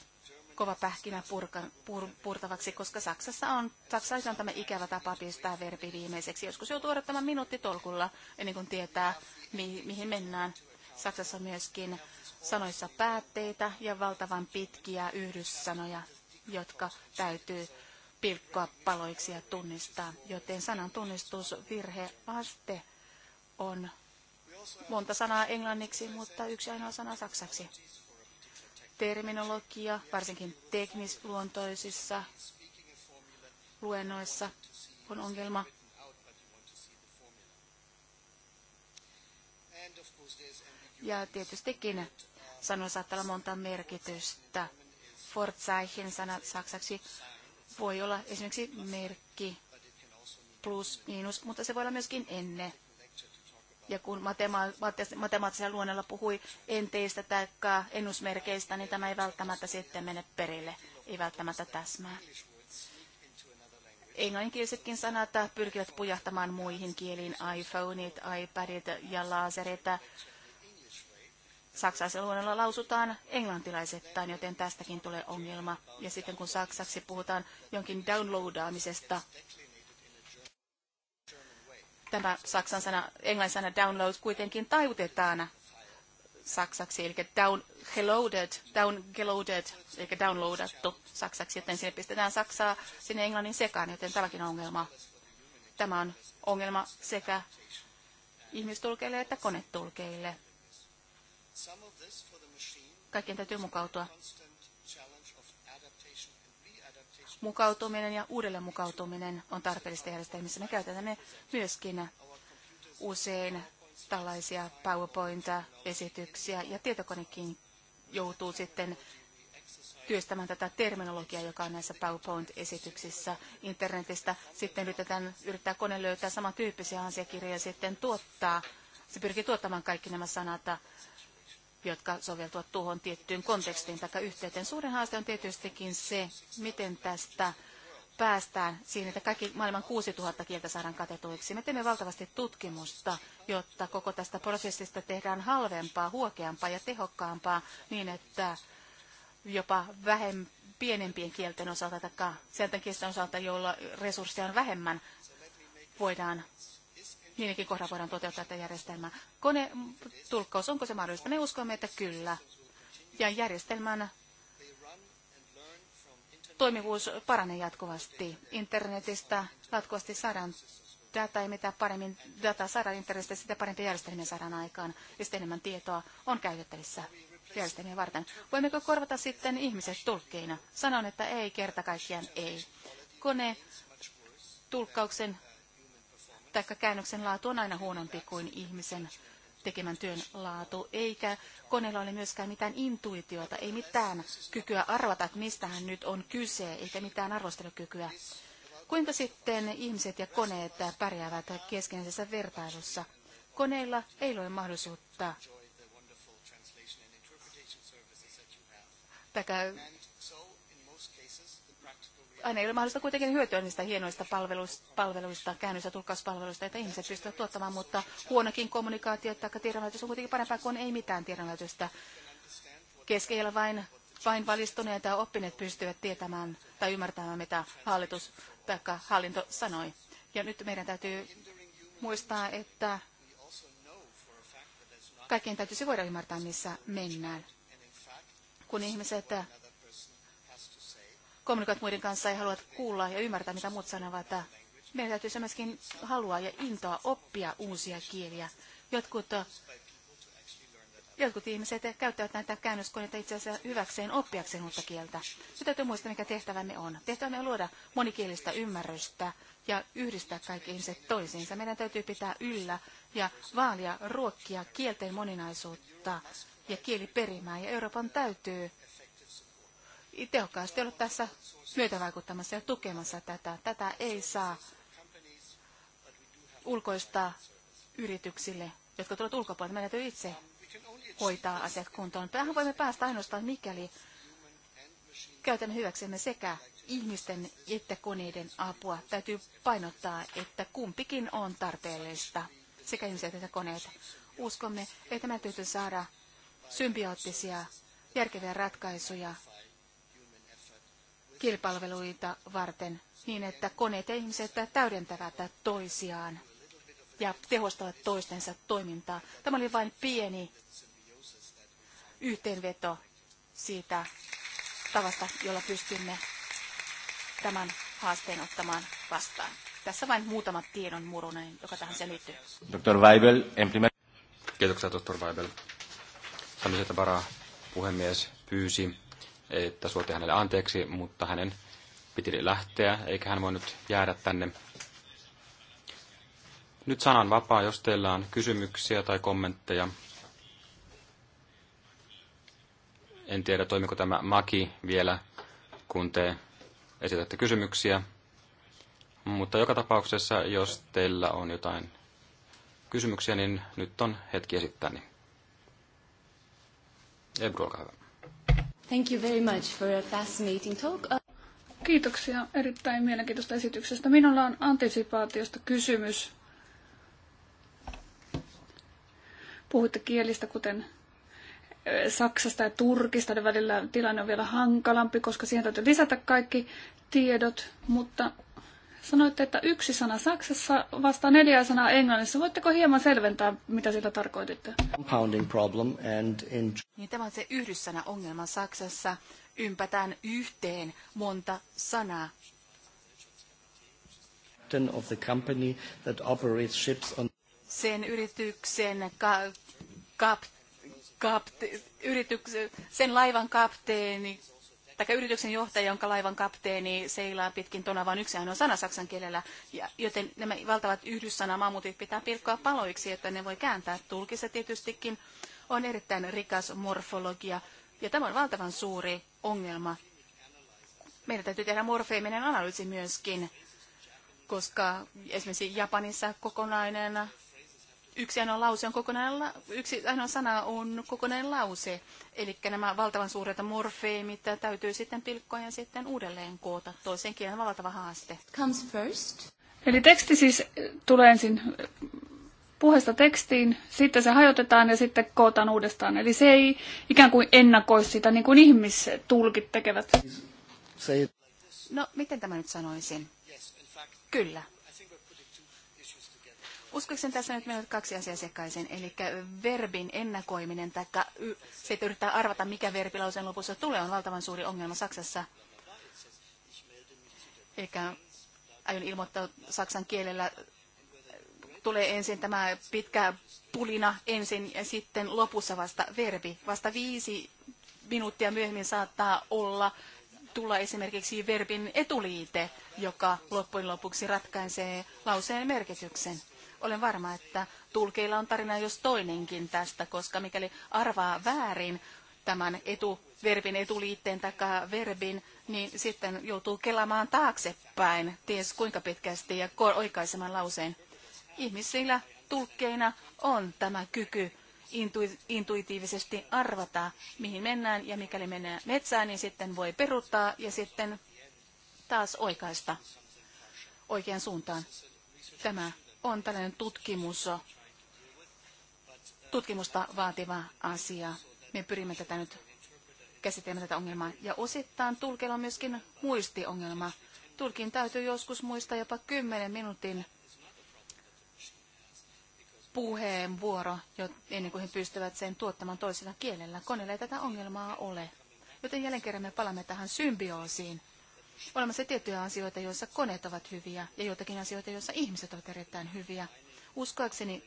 C: kova pähkinä purka, pur, purtavaksi, koska Saksassa on, Saksassa on tämä ikävä tapa pistää verbi viimeiseksi. Joskus joutuu odottamaan minuutti tolkulla ennen kuin tietää, mi, mihin mennään. Saksassa on myöskin sanoissa päätteitä ja valtavan pitkiä yhdyssanoja, jotka täytyy pilkkoa paloiksi ja tunnistaa, joten sanan tunnistusvirheaste on monta sanaa englanniksi, mutta yksi ainoa sana saksaksi. Terminologia, varsinkin teknisluontoisissa luennoissa,
B: on ongelma. Ja tietystikin
C: sanoilla saattaa olla monta merkitystä. Fortzeichen sana saksaksi voi olla esimerkiksi merkki, plus, miinus, mutta se voi olla myöskin ennen ja kun matemaattisella luonnolla puhui enteistä tai ennusmerkeistä, niin tämä ei välttämättä sitten mene perille, ei välttämättä täsmää. Englanninkielisetkin sanat pyrkivät pujahtamaan muihin kieliin, iPhoneit, iPadit ja laserit. Saksaisella luonnolla lausutaan englantilaisittain, joten tästäkin tulee ongelma. Ja sitten kun saksaksi puhutaan jonkin downloadaamisesta, tämä saksan sana, englannin sana download kuitenkin taivutetaan saksaksi, eli down, downloaded, downloaded, eli downloadattu saksaksi, joten sinne pistetään saksaa sinne englannin sekaan, joten tälläkin on ongelma. Tämä on ongelma sekä ihmistulkeille että konetulkeille. Kaikkien täytyy mukautua
D: mukautuminen ja
C: uudelleen mukautuminen on tarpeellista järjestelmissä. me käytämme myöskin usein tällaisia PowerPoint-esityksiä ja tietokonekin joutuu sitten työstämään tätä terminologiaa, joka on näissä PowerPoint-esityksissä internetistä. Sitten yritetään, yrittää kone löytää samantyyppisiä asiakirjoja ja sitten tuottaa. Se pyrkii tuottamaan kaikki nämä sanat jotka soveltuvat tuohon tiettyyn kontekstiin tai yhteyteen. Suurin haaste on tietystikin se, miten tästä päästään siihen, että kaikki maailman 6000 kieltä saadaan katetuiksi. Me teemme valtavasti tutkimusta, jotta koko tästä prosessista tehdään halvempaa, huokeampaa ja tehokkaampaa niin, että jopa vähem, pienempien kielten osalta tai sieltä kielten osalta, joilla resursseja on vähemmän, voidaan niidenkin kohdalla voidaan toteuttaa tätä järjestelmää. tulkkaus, onko se mahdollista? Me uskomme, että kyllä. Ja järjestelmän toimivuus paranee jatkuvasti. Internetistä jatkuvasti saadaan dataa ja mitä paremmin dataa saadaan internetistä, sitä parempia järjestelmiä saadaan aikaan ja sitten enemmän tietoa on käytettävissä järjestelmiä varten. Voimmeko korvata sitten ihmiset tulkkeina? Sanon, että ei kerta kaikkiaan ei. Kone tulkkauksen taikka käännöksen laatu on aina huonompi kuin ihmisen tekemän työn laatu, eikä koneella ole myöskään mitään intuitiota, ei mitään kykyä arvata, että mistä hän nyt on kyse, eikä mitään arvostelukykyä. Kuinka sitten ihmiset ja koneet pärjäävät keskenisessä vertailussa? Koneilla ei ole mahdollisuutta. Taikka aina ei ole mahdollista kuitenkin hyötyä niistä hienoista palveluista, palveluista käännös- ja tulkkauspalveluista, että ihmiset pystyvät tuottamaan, mutta huonokin kommunikaatio tai tiedonvälitys on kuitenkin parempaa kuin ei mitään tiedonvälitystä. Keskellä vain, vain valistuneet ja oppineet pystyvät tietämään tai ymmärtämään, mitä hallitus tai hallinto sanoi. Ja nyt meidän täytyy muistaa, että
D: kaikkien täytyisi voida ymmärtää, missä mennään. Kun ihmiset
C: kommunikoit muiden kanssa ja haluat kuulla ja ymmärtää, mitä muut sanovat. Meidän täytyy myöskin halua ja intoa oppia uusia kieliä. Jotkut, jotkut ihmiset käyttävät näitä käännöskoneita itse asiassa hyväkseen oppiakseen uutta kieltä. Nyt täytyy muistaa, mikä tehtävämme on. Tehtävämme on luoda monikielistä ymmärrystä ja yhdistää kaikki ihmiset toisiinsa. Meidän täytyy pitää yllä ja vaalia ruokkia kielten moninaisuutta ja kieliperimää. Ja Euroopan täytyy tehokkaasti olla tässä myötävaikuttamassa ja tukemassa tätä. Tätä ei saa ulkoistaa yrityksille, jotka tulevat ulkopuolelta. Meidän täytyy itse hoitaa asiat kuntoon. Tähän voimme päästä ainoastaan, mikäli käytämme hyväksemme sekä ihmisten että koneiden apua. Täytyy painottaa, että kumpikin on tarpeellista, sekä ihmiset että koneet. Uskomme, että meidän täytyy saada symbioottisia, järkeviä ratkaisuja kilpalveluita varten niin, että koneet ja ihmiset täydentävät toisiaan ja tehostavat toistensa toimintaa. Tämä oli vain pieni yhteenveto siitä tavasta, jolla pystymme tämän haasteen ottamaan vastaan. Tässä vain muutama tiedon murunen, joka tähän selittyy.
A: Dr. Weibel, ensimmäinen. Kiitoksia, Dr. Weibel. Tämmöiseltä varaa puhemies pyysi että suotti hänelle anteeksi, mutta hänen piti lähteä, eikä hän voinut jäädä tänne. Nyt sanan vapaa, jos teillä on kysymyksiä tai kommentteja. En tiedä, toimiko tämä maki vielä, kun te esitätte kysymyksiä. Mutta joka tapauksessa, jos teillä on jotain kysymyksiä, niin nyt on hetki esittää. Niin. Ebru, olkaa hyvä.
E: Thank you very much for a fascinating talk. Uh, Kiitoksia erittäin mielenkiintoista esityksestä. Minulla on antisipaatiosta kysymys. Puhuitte kielistä, kuten Saksasta ja Turkista. Ne välillä tilanne on vielä hankalampi, koska siihen täytyy lisätä kaikki tiedot, mutta Sanoitte, että yksi sana Saksassa vastaa neljä sanaa Englannissa. Voitteko hieman selventää, mitä sillä tarkoititte?
B: Compounding problem and in...
E: niin, tämä on se yhdyssana ongelma Saksassa.
C: Ympätään yhteen monta sanaa.
B: Of the company that operates ships on...
C: Sen yrityksen ka- kap- yrityksen, sen laivan kapteeni tai yrityksen johtaja, jonka laivan kapteeni seilaa pitkin tonavan yksi on sana saksan kielellä, ja, joten nämä valtavat yhdyssanamaamutit pitää pilkkoa paloiksi, että ne voi kääntää tulkissa tietystikin. On erittäin rikas morfologia, ja tämä on valtavan suuri ongelma. Meidän täytyy tehdä morfeiminen analyysi myöskin, koska esimerkiksi Japanissa kokonainen yksi ainoa lause on kokonainen, yksi ainoa sana on kokonainen lause. Eli nämä valtavan suuret morfeemit täytyy sitten pilkkoa ja sitten uudelleen koota Toisen kielen valtava haaste. Comes first.
E: Eli teksti siis tulee ensin puheesta tekstiin, sitten se hajotetaan ja sitten kootaan uudestaan. Eli se ei ikään kuin ennakoi sitä, niin kuin ihmistulkit tekevät.
C: No, miten tämä nyt sanoisin? Kyllä, Uskoisin tässä nyt mennä kaksi asiaa sekaisin, eli verbin ennakoiminen tai se, että yrittää arvata, mikä verbi lauseen lopussa tulee, on valtavan suuri ongelma Saksassa. Eli aion ilmoittaa saksan kielellä, tulee ensin tämä pitkä pulina ensin ja sitten lopussa vasta verbi. Vasta viisi minuuttia myöhemmin saattaa olla tulla esimerkiksi verbin etuliite, joka loppujen lopuksi ratkaisee lauseen merkityksen. Olen varma, että tulkeilla on tarina jos toinenkin tästä, koska mikäli arvaa väärin tämän etu, verbin etuliitteen tai verbin, niin sitten joutuu kelaamaan taaksepäin, ties kuinka pitkästi ja oikaisemaan lauseen. Ihmisillä tulkkeina on tämä kyky intu- intuitiivisesti arvata, mihin mennään, ja mikäli mennään metsään, niin sitten voi peruttaa ja sitten taas oikaista oikeaan suuntaan. Tämä on tällainen tutkimus, tutkimusta vaativa asia. Me pyrimme tätä nyt käsittelemään tätä ongelmaa. Ja osittain tulkilla on myöskin muistiongelma. Tulkin täytyy joskus muistaa jopa 10 minuutin puheenvuoro, ennen kuin he pystyvät sen tuottamaan toisella kielellä. Koneella ei tätä ongelmaa ole. Joten jälleen kerran me palamme tähän symbioosiin olemassa tiettyjä asioita, joissa koneet ovat hyviä ja joitakin asioita, joissa ihmiset ovat erittäin hyviä. Uskoakseni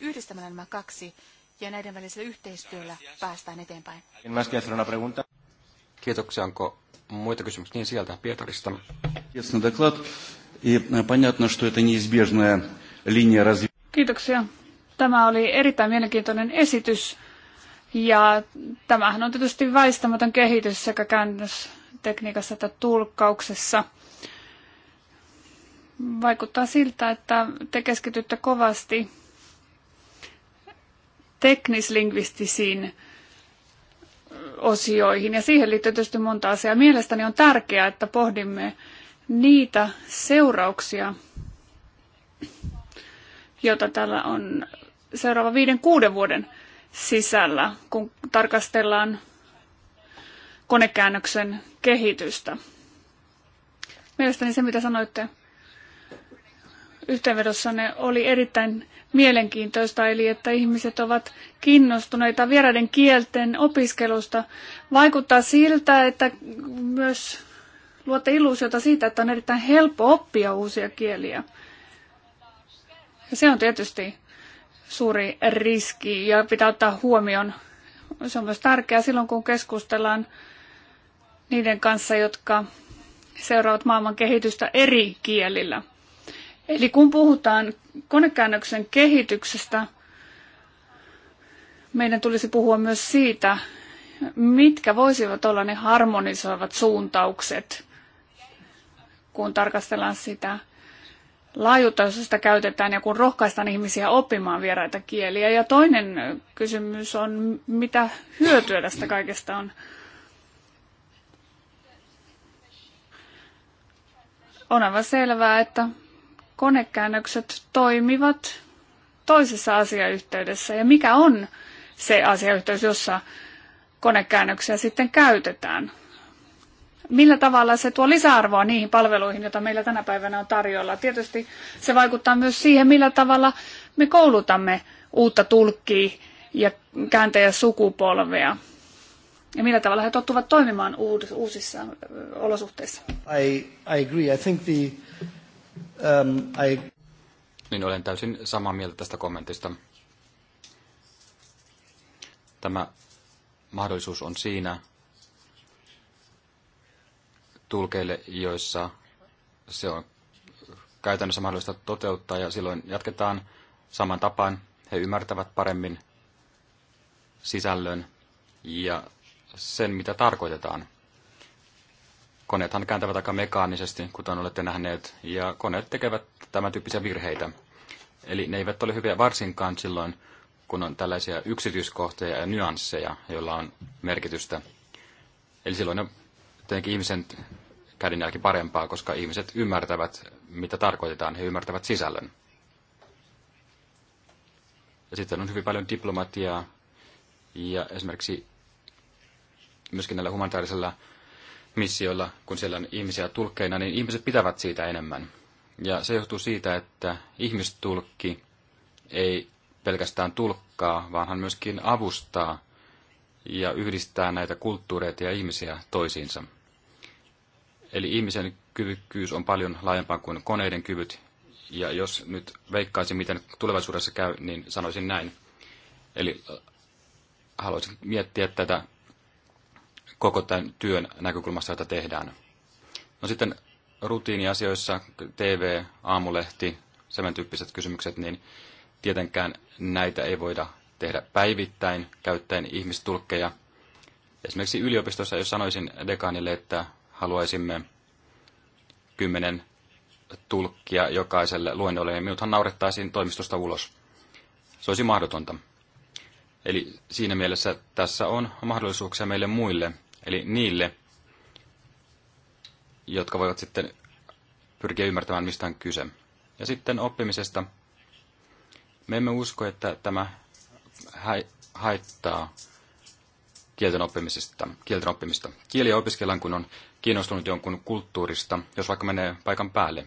C: yhdistämällä nämä kaksi ja näiden välisellä yhteistyöllä päästään eteenpäin.
A: Kiitoksia. Onko muita kysymyksiä? Niin sieltä Pietarista. No, e,
E: Kiitoksia. Tämä oli erittäin mielenkiintoinen esitys. Ja tämähän on tietysti väistämätön kehitys sekä käännös tekniikassa että tulkkauksessa. Vaikuttaa siltä, että te keskitytte kovasti teknislingvistisiin osioihin ja siihen liittyy tietysti monta asiaa. Mielestäni on tärkeää, että pohdimme niitä seurauksia, jota täällä on seuraava viiden kuuden vuoden sisällä, kun tarkastellaan konekäännöksen kehitystä. Mielestäni se, mitä sanoitte yhteenvedossanne, oli erittäin mielenkiintoista, eli että ihmiset ovat kiinnostuneita vieraiden kielten opiskelusta. Vaikuttaa siltä, että myös luotte illuusiota siitä, että on erittäin helppo oppia uusia kieliä. Ja se on tietysti suuri riski ja pitää ottaa huomioon. Se on myös tärkeää silloin, kun keskustellaan niiden kanssa, jotka seuraavat maailman kehitystä eri kielillä. Eli kun puhutaan konekäännöksen kehityksestä, meidän tulisi puhua myös siitä, mitkä voisivat olla ne harmonisoivat suuntaukset, kun tarkastellaan sitä laajuutta, jos sitä käytetään ja kun rohkaistaan ihmisiä oppimaan vieraita kieliä. Ja toinen kysymys on, mitä hyötyä tästä kaikesta on. On aivan selvää, että konekäännökset toimivat toisessa asiayhteydessä ja mikä on se asiayhteys, jossa konekäännöksiä sitten käytetään. Millä tavalla se tuo lisäarvoa niihin palveluihin, joita meillä tänä päivänä on tarjolla? Tietysti se vaikuttaa myös siihen, millä tavalla me koulutamme uutta tulkkia ja kääntäjä sukupolvea ja millä tavalla he tottuvat toimimaan uusissa olosuhteissa.
B: I, I agree. I think the, um,
A: I... Niin olen täysin samaa mieltä tästä kommentista. Tämä mahdollisuus on siinä tulkeille, joissa se on käytännössä mahdollista toteuttaa ja silloin jatketaan saman tapaan. He ymmärtävät paremmin sisällön ja sen, mitä tarkoitetaan. Koneethan kääntävät aika mekaanisesti, kuten olette nähneet, ja koneet tekevät tämän tyyppisiä virheitä. Eli ne eivät ole hyviä varsinkaan silloin, kun on tällaisia yksityiskohtia ja nyansseja, joilla on merkitystä. Eli silloin on tietenkin ihmisen kädenjälki parempaa, koska ihmiset ymmärtävät, mitä tarkoitetaan, he ymmärtävät sisällön. Ja sitten on hyvin paljon diplomatiaa, ja esimerkiksi myöskin näillä humanitaarisilla missioilla, kun siellä on ihmisiä tulkkeina, niin ihmiset pitävät siitä enemmän. Ja se johtuu siitä, että ihmistulkki ei pelkästään tulkkaa, vaan hän myöskin avustaa ja yhdistää näitä kulttuureita ja ihmisiä toisiinsa. Eli ihmisen kyvykkyys on paljon laajempaa kuin koneiden kyvyt. Ja jos nyt veikkaisin, miten tulevaisuudessa käy, niin sanoisin näin. Eli haluaisin miettiä tätä koko tämän työn näkökulmasta, jota tehdään. No sitten rutiiniasioissa, TV, aamulehti, sen tyyppiset kysymykset, niin tietenkään näitä ei voida tehdä päivittäin käyttäen ihmistulkkeja. Esimerkiksi yliopistossa, jos sanoisin dekaanille, että haluaisimme kymmenen tulkkia jokaiselle luennolle, niin minuthan naurettaisiin toimistosta ulos. Se olisi mahdotonta. Eli siinä mielessä tässä on mahdollisuuksia meille muille, Eli niille, jotka voivat sitten pyrkiä ymmärtämään, mistä on kyse. Ja sitten oppimisesta. Me emme usko, että tämä haittaa kielten, oppimisesta, kielten oppimista. Kieliä opiskellaan, kun on kiinnostunut jonkun kulttuurista, jos vaikka menee paikan päälle.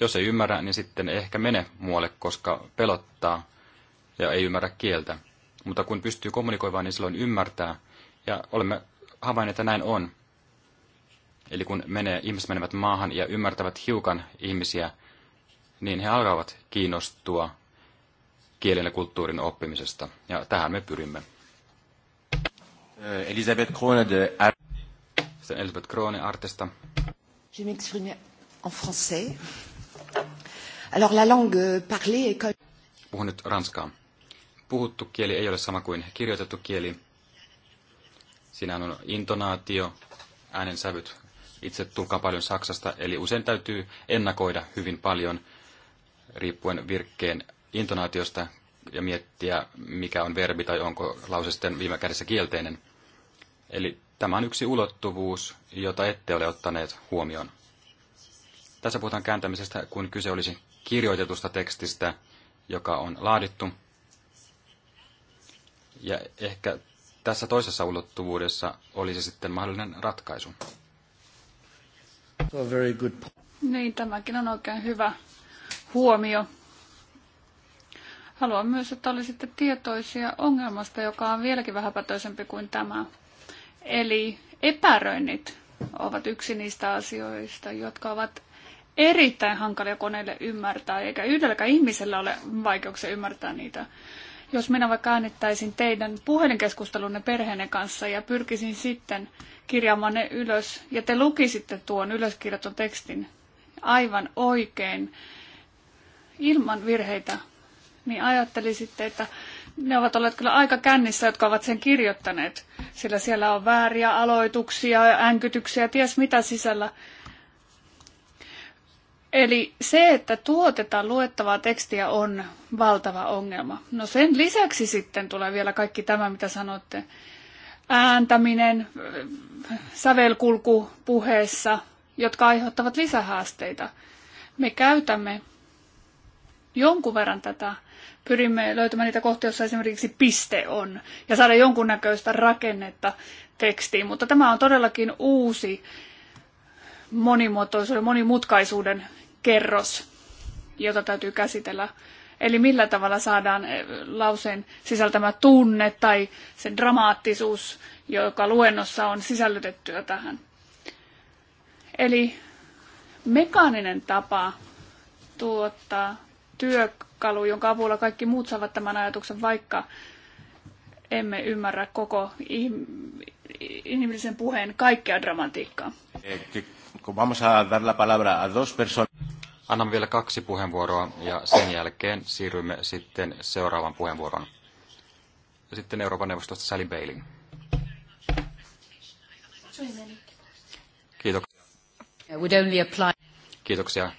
A: Jos ei ymmärrä, niin sitten ehkä mene muualle, koska pelottaa ja ei ymmärrä kieltä. Mutta kun pystyy kommunikoimaan, niin silloin ymmärtää. Ja olemme havain, että näin on. Eli kun menee, ihmiset menevät maahan ja ymmärtävät hiukan ihmisiä, niin he alkavat kiinnostua kielen ja kulttuurin oppimisesta. Ja tähän me pyrimme. Eh, Elisabeth Krone de Ar- Sitten Elisabeth Krone Artesta.
D: Je m'exprime en français. Alors la langue parlée est
A: Puhun nyt ranskaa. Puhuttu kieli ei ole sama kuin kirjoitettu kieli, siinä on intonaatio, sävyt, Itse tulkaa paljon Saksasta, eli usein täytyy ennakoida hyvin paljon riippuen virkkeen intonaatiosta ja miettiä, mikä on verbi tai onko lause sitten viime kädessä kielteinen. Eli tämä on yksi ulottuvuus, jota ette ole ottaneet huomioon. Tässä puhutaan kääntämisestä, kun kyse olisi kirjoitetusta tekstistä, joka on laadittu. Ja ehkä tässä toisessa ulottuvuudessa olisi sitten mahdollinen ratkaisu.
E: Niin, tämäkin on oikein hyvä huomio. Haluan myös, että olisitte tietoisia ongelmasta, joka on vieläkin vähäpätöisempi kuin tämä. Eli epäröinnit ovat yksi niistä asioista, jotka ovat erittäin hankalia koneille ymmärtää, eikä yhdelläkään ihmisellä ole vaikeuksia ymmärtää niitä jos minä vaikka äänittäisin teidän puhelinkeskustelunne perheenne kanssa ja pyrkisin sitten kirjaamaan ne ylös ja te lukisitte tuon ylöskirjoitun tekstin aivan oikein ilman virheitä, niin ajattelisitte, että ne ovat olleet kyllä aika kännissä, jotka ovat sen kirjoittaneet, sillä siellä on vääriä aloituksia, änkytyksiä, ties mitä sisällä. Eli se, että tuotetaan luettavaa tekstiä on valtava ongelma. No sen lisäksi sitten tulee vielä kaikki tämä, mitä sanotte. Ääntäminen, sävelkulku puheessa, jotka aiheuttavat lisähaasteita. Me käytämme jonkun verran tätä. Pyrimme löytämään niitä kohtia, joissa esimerkiksi piste on, ja saada jonkunnäköistä rakennetta tekstiin. Mutta tämä on todellakin uusi monimuotoisuuden, monimutkaisuuden kerros, jota täytyy käsitellä. Eli millä tavalla saadaan eh, lauseen sisältämä tunne tai se dramaattisuus, joka luennossa on sisällytettyä tähän. Eli mekaaninen tapa tuottaa työkalu, jonka avulla kaikki muut saavat tämän ajatuksen, vaikka emme ymmärrä koko inhimillisen puheen kaikkea dramatiikkaa.
A: Eh, vamos a dar la palabra a dos personas. Annan vielä kaksi puheenvuoroa ja sen jälkeen siirrymme sitten seuraavan puheenvuoron. sitten Euroopan neuvostosta Sally Bailin. Kiitoksia. Kiitoksia.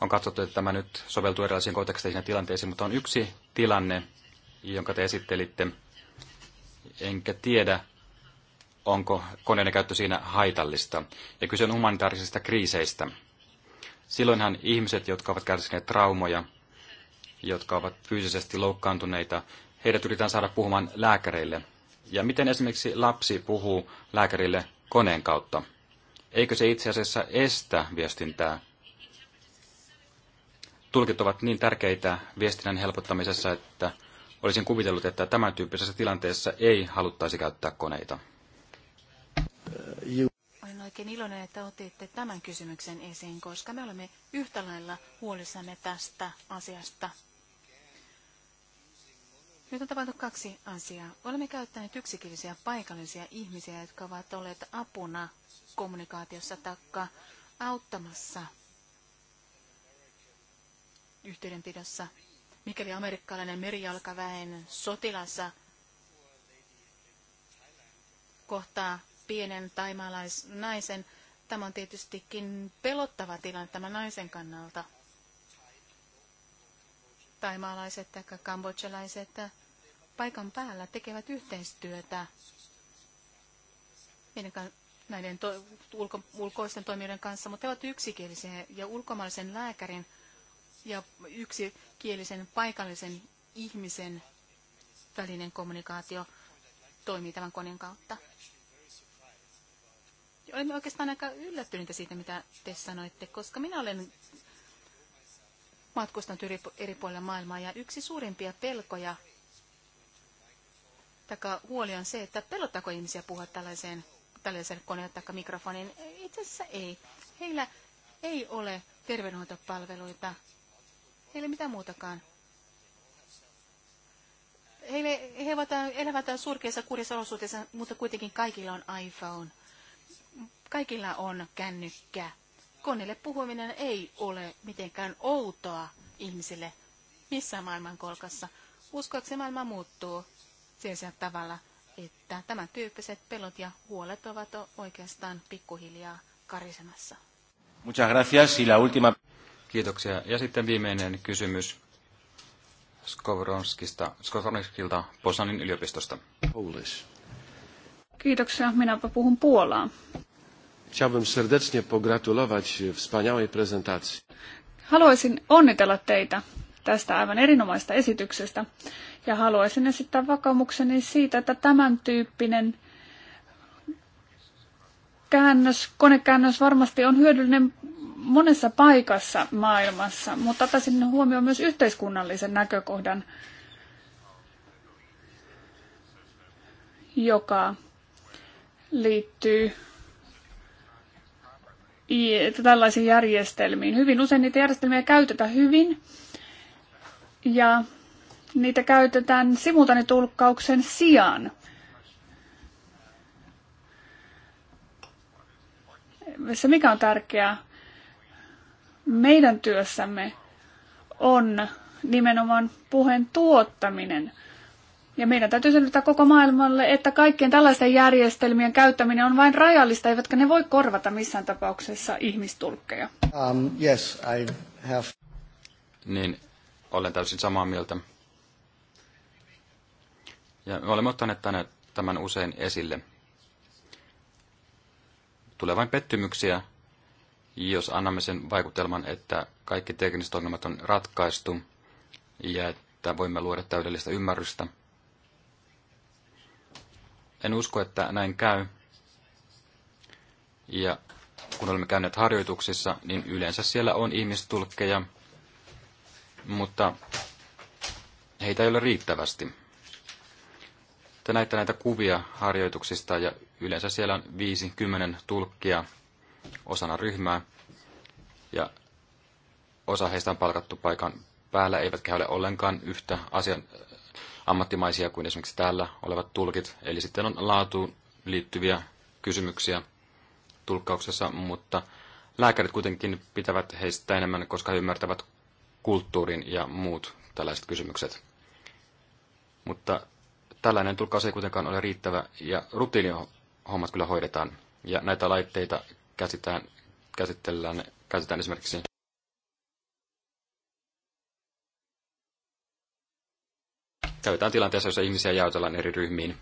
A: On katsottu, että tämä nyt soveltuu erilaisiin konteksteihin ja tilanteisiin, mutta on yksi tilanne, jonka te esittelitte. Enkä tiedä, onko koneiden käyttö siinä haitallista. Ja kyse on humanitaarisista kriiseistä. Silloinhan ihmiset, jotka ovat kärsineet traumoja, jotka ovat fyysisesti loukkaantuneita, heidät yritetään saada puhumaan lääkäreille. Ja miten esimerkiksi lapsi puhuu lääkärille koneen kautta? Eikö se itse asiassa estä viestintää? Tulkit ovat niin tärkeitä viestinnän helpottamisessa, että olisin kuvitellut, että tämän tyyppisessä tilanteessa ei haluttaisi käyttää koneita
C: oikein iloinen, että otitte tämän kysymyksen esiin, koska me olemme yhtä lailla huolissamme tästä asiasta. Nyt on tapahtunut kaksi asiaa. Olemme käyttäneet yksikielisiä paikallisia ihmisiä, jotka ovat olleet apuna kommunikaatiossa takka auttamassa yhteydenpidossa. Mikäli amerikkalainen merijalkaväen sotilassa kohtaa pienen taimalaisnaisen. Tämä on tietystikin pelottava tilanne tämän naisen kannalta. Taimaalaiset tai kambodjalaiset paikan päällä tekevät yhteistyötä näiden to, ulko, ulkoisten toimijoiden kanssa, mutta he ovat yksikielisiä ja ulkomaalaisen lääkärin ja yksikielisen paikallisen ihmisen välinen kommunikaatio toimii tämän koneen kautta olen oikeastaan aika yllättynyt siitä, mitä te sanoitte, koska minä olen matkustanut eri, puolilla maailmaa ja yksi suurimpia pelkoja taka huoli on se, että pelottaako ihmisiä puhua tällaiseen, tällaiseen koneelle tai mikrofoniin. Itse asiassa ei. Heillä ei ole terveydenhoitopalveluita. Heillä ei mitään muutakaan. Heille, he elävät surkeissa kurissa olosuhteissa, mutta kuitenkin kaikilla on iPhone – Kaikilla on kännykkä. Koneelle puhuminen ei ole mitenkään outoa ihmisille missään maailmankolkassa. Uskoakseni maailma muuttuu sellaisella tavalla, että tämän tyyppiset pelot ja huolet ovat oikeastaan pikkuhiljaa karisemassa.
A: Muchas gracias. Y la última... Kiitoksia. Ja sitten viimeinen kysymys Skovronskista, Skowronskilta Posanin yliopistosta. Polish.
E: Kiitoksia. Minäpä puhun Puolaa.
A: Chciałbym serdecznie pogratulować wspaniałej prezentacji.
E: Haluaisin onnitella teitä tästä aivan erinomaista esityksestä ja haluaisin esittää vakaumukseni siitä, että tämän tyyppinen käännös, konekäännös varmasti on hyödyllinen monessa paikassa maailmassa, mutta ottaisin huomioon myös yhteiskunnallisen näkökohdan, joka liittyy tällaisiin järjestelmiin. Hyvin usein niitä järjestelmiä käytetään hyvin ja niitä käytetään simultaanitulkkauksen sijaan. Se mikä on tärkeää meidän työssämme on nimenomaan puheen tuottaminen – ja meidän täytyy selvittää koko maailmalle, että kaikkien tällaisten järjestelmien käyttäminen on vain rajallista, eivätkä ne voi korvata missään tapauksessa ihmistulkkeja.
B: Um, yes, I have...
A: Niin, olen täysin samaa mieltä. Ja me olemme ottaneet tänne tämän usein esille. Tulee vain pettymyksiä, jos annamme sen vaikutelman, että kaikki tekniset ongelmat on ratkaistu ja että voimme luoda täydellistä ymmärrystä – en usko, että näin käy. Ja kun olemme käyneet harjoituksissa, niin yleensä siellä on ihmistulkkeja, mutta heitä ei ole riittävästi. Te näitte näitä kuvia harjoituksista ja yleensä siellä on 5-10 tulkkia osana ryhmää ja osa heistä on palkattu paikan päällä, eivätkä he ole ollenkaan yhtä asian, ammattimaisia kuin esimerkiksi täällä olevat tulkit. Eli sitten on laatuun liittyviä kysymyksiä tulkkauksessa, mutta lääkärit kuitenkin pitävät heistä enemmän, koska he ymmärtävät kulttuurin ja muut tällaiset kysymykset. Mutta tällainen tulkkaus ei kuitenkaan ole riittävä, ja rutiinihommat kyllä hoidetaan. Ja näitä laitteita käsitään, käsitellään, käsitellään esimerkiksi käytetään tilanteessa, jossa ihmisiä jaotellaan eri ryhmiin.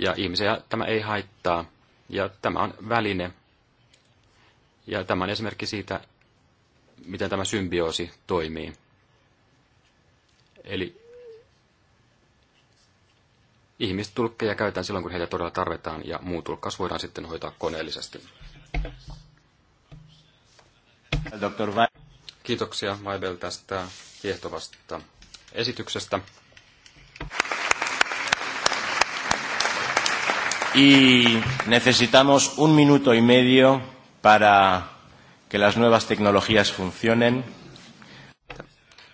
A: Ja ihmisiä tämä ei haittaa. Ja tämä on väline. Ja tämä on esimerkki siitä, miten tämä symbioosi toimii. Eli ihmistulkkeja käytetään silloin, kun heitä todella tarvitaan, ja muu tulkkaus voidaan sitten hoitaa koneellisesti. Kiitoksia Vaibel tästä kiehtovasta esityksestä.
B: y necesitamos un minuto y
A: medio para que las nuevas tecnologías funcionen.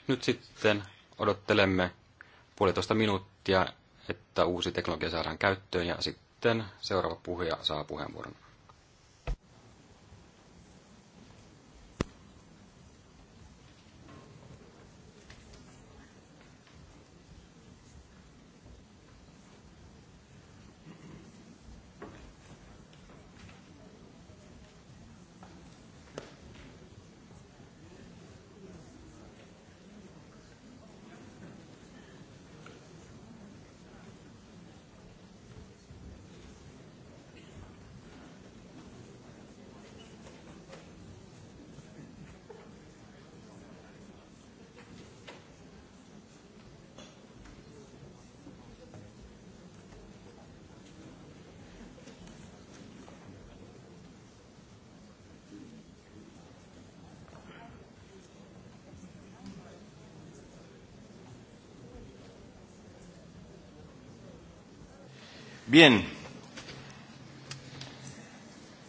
A: Nyt sitten odottelemme puolitoista minuuttia, että uusi teknologia saadaan käyttöön ja sitten seuraava puhuja saa puheenvuoron. Bien.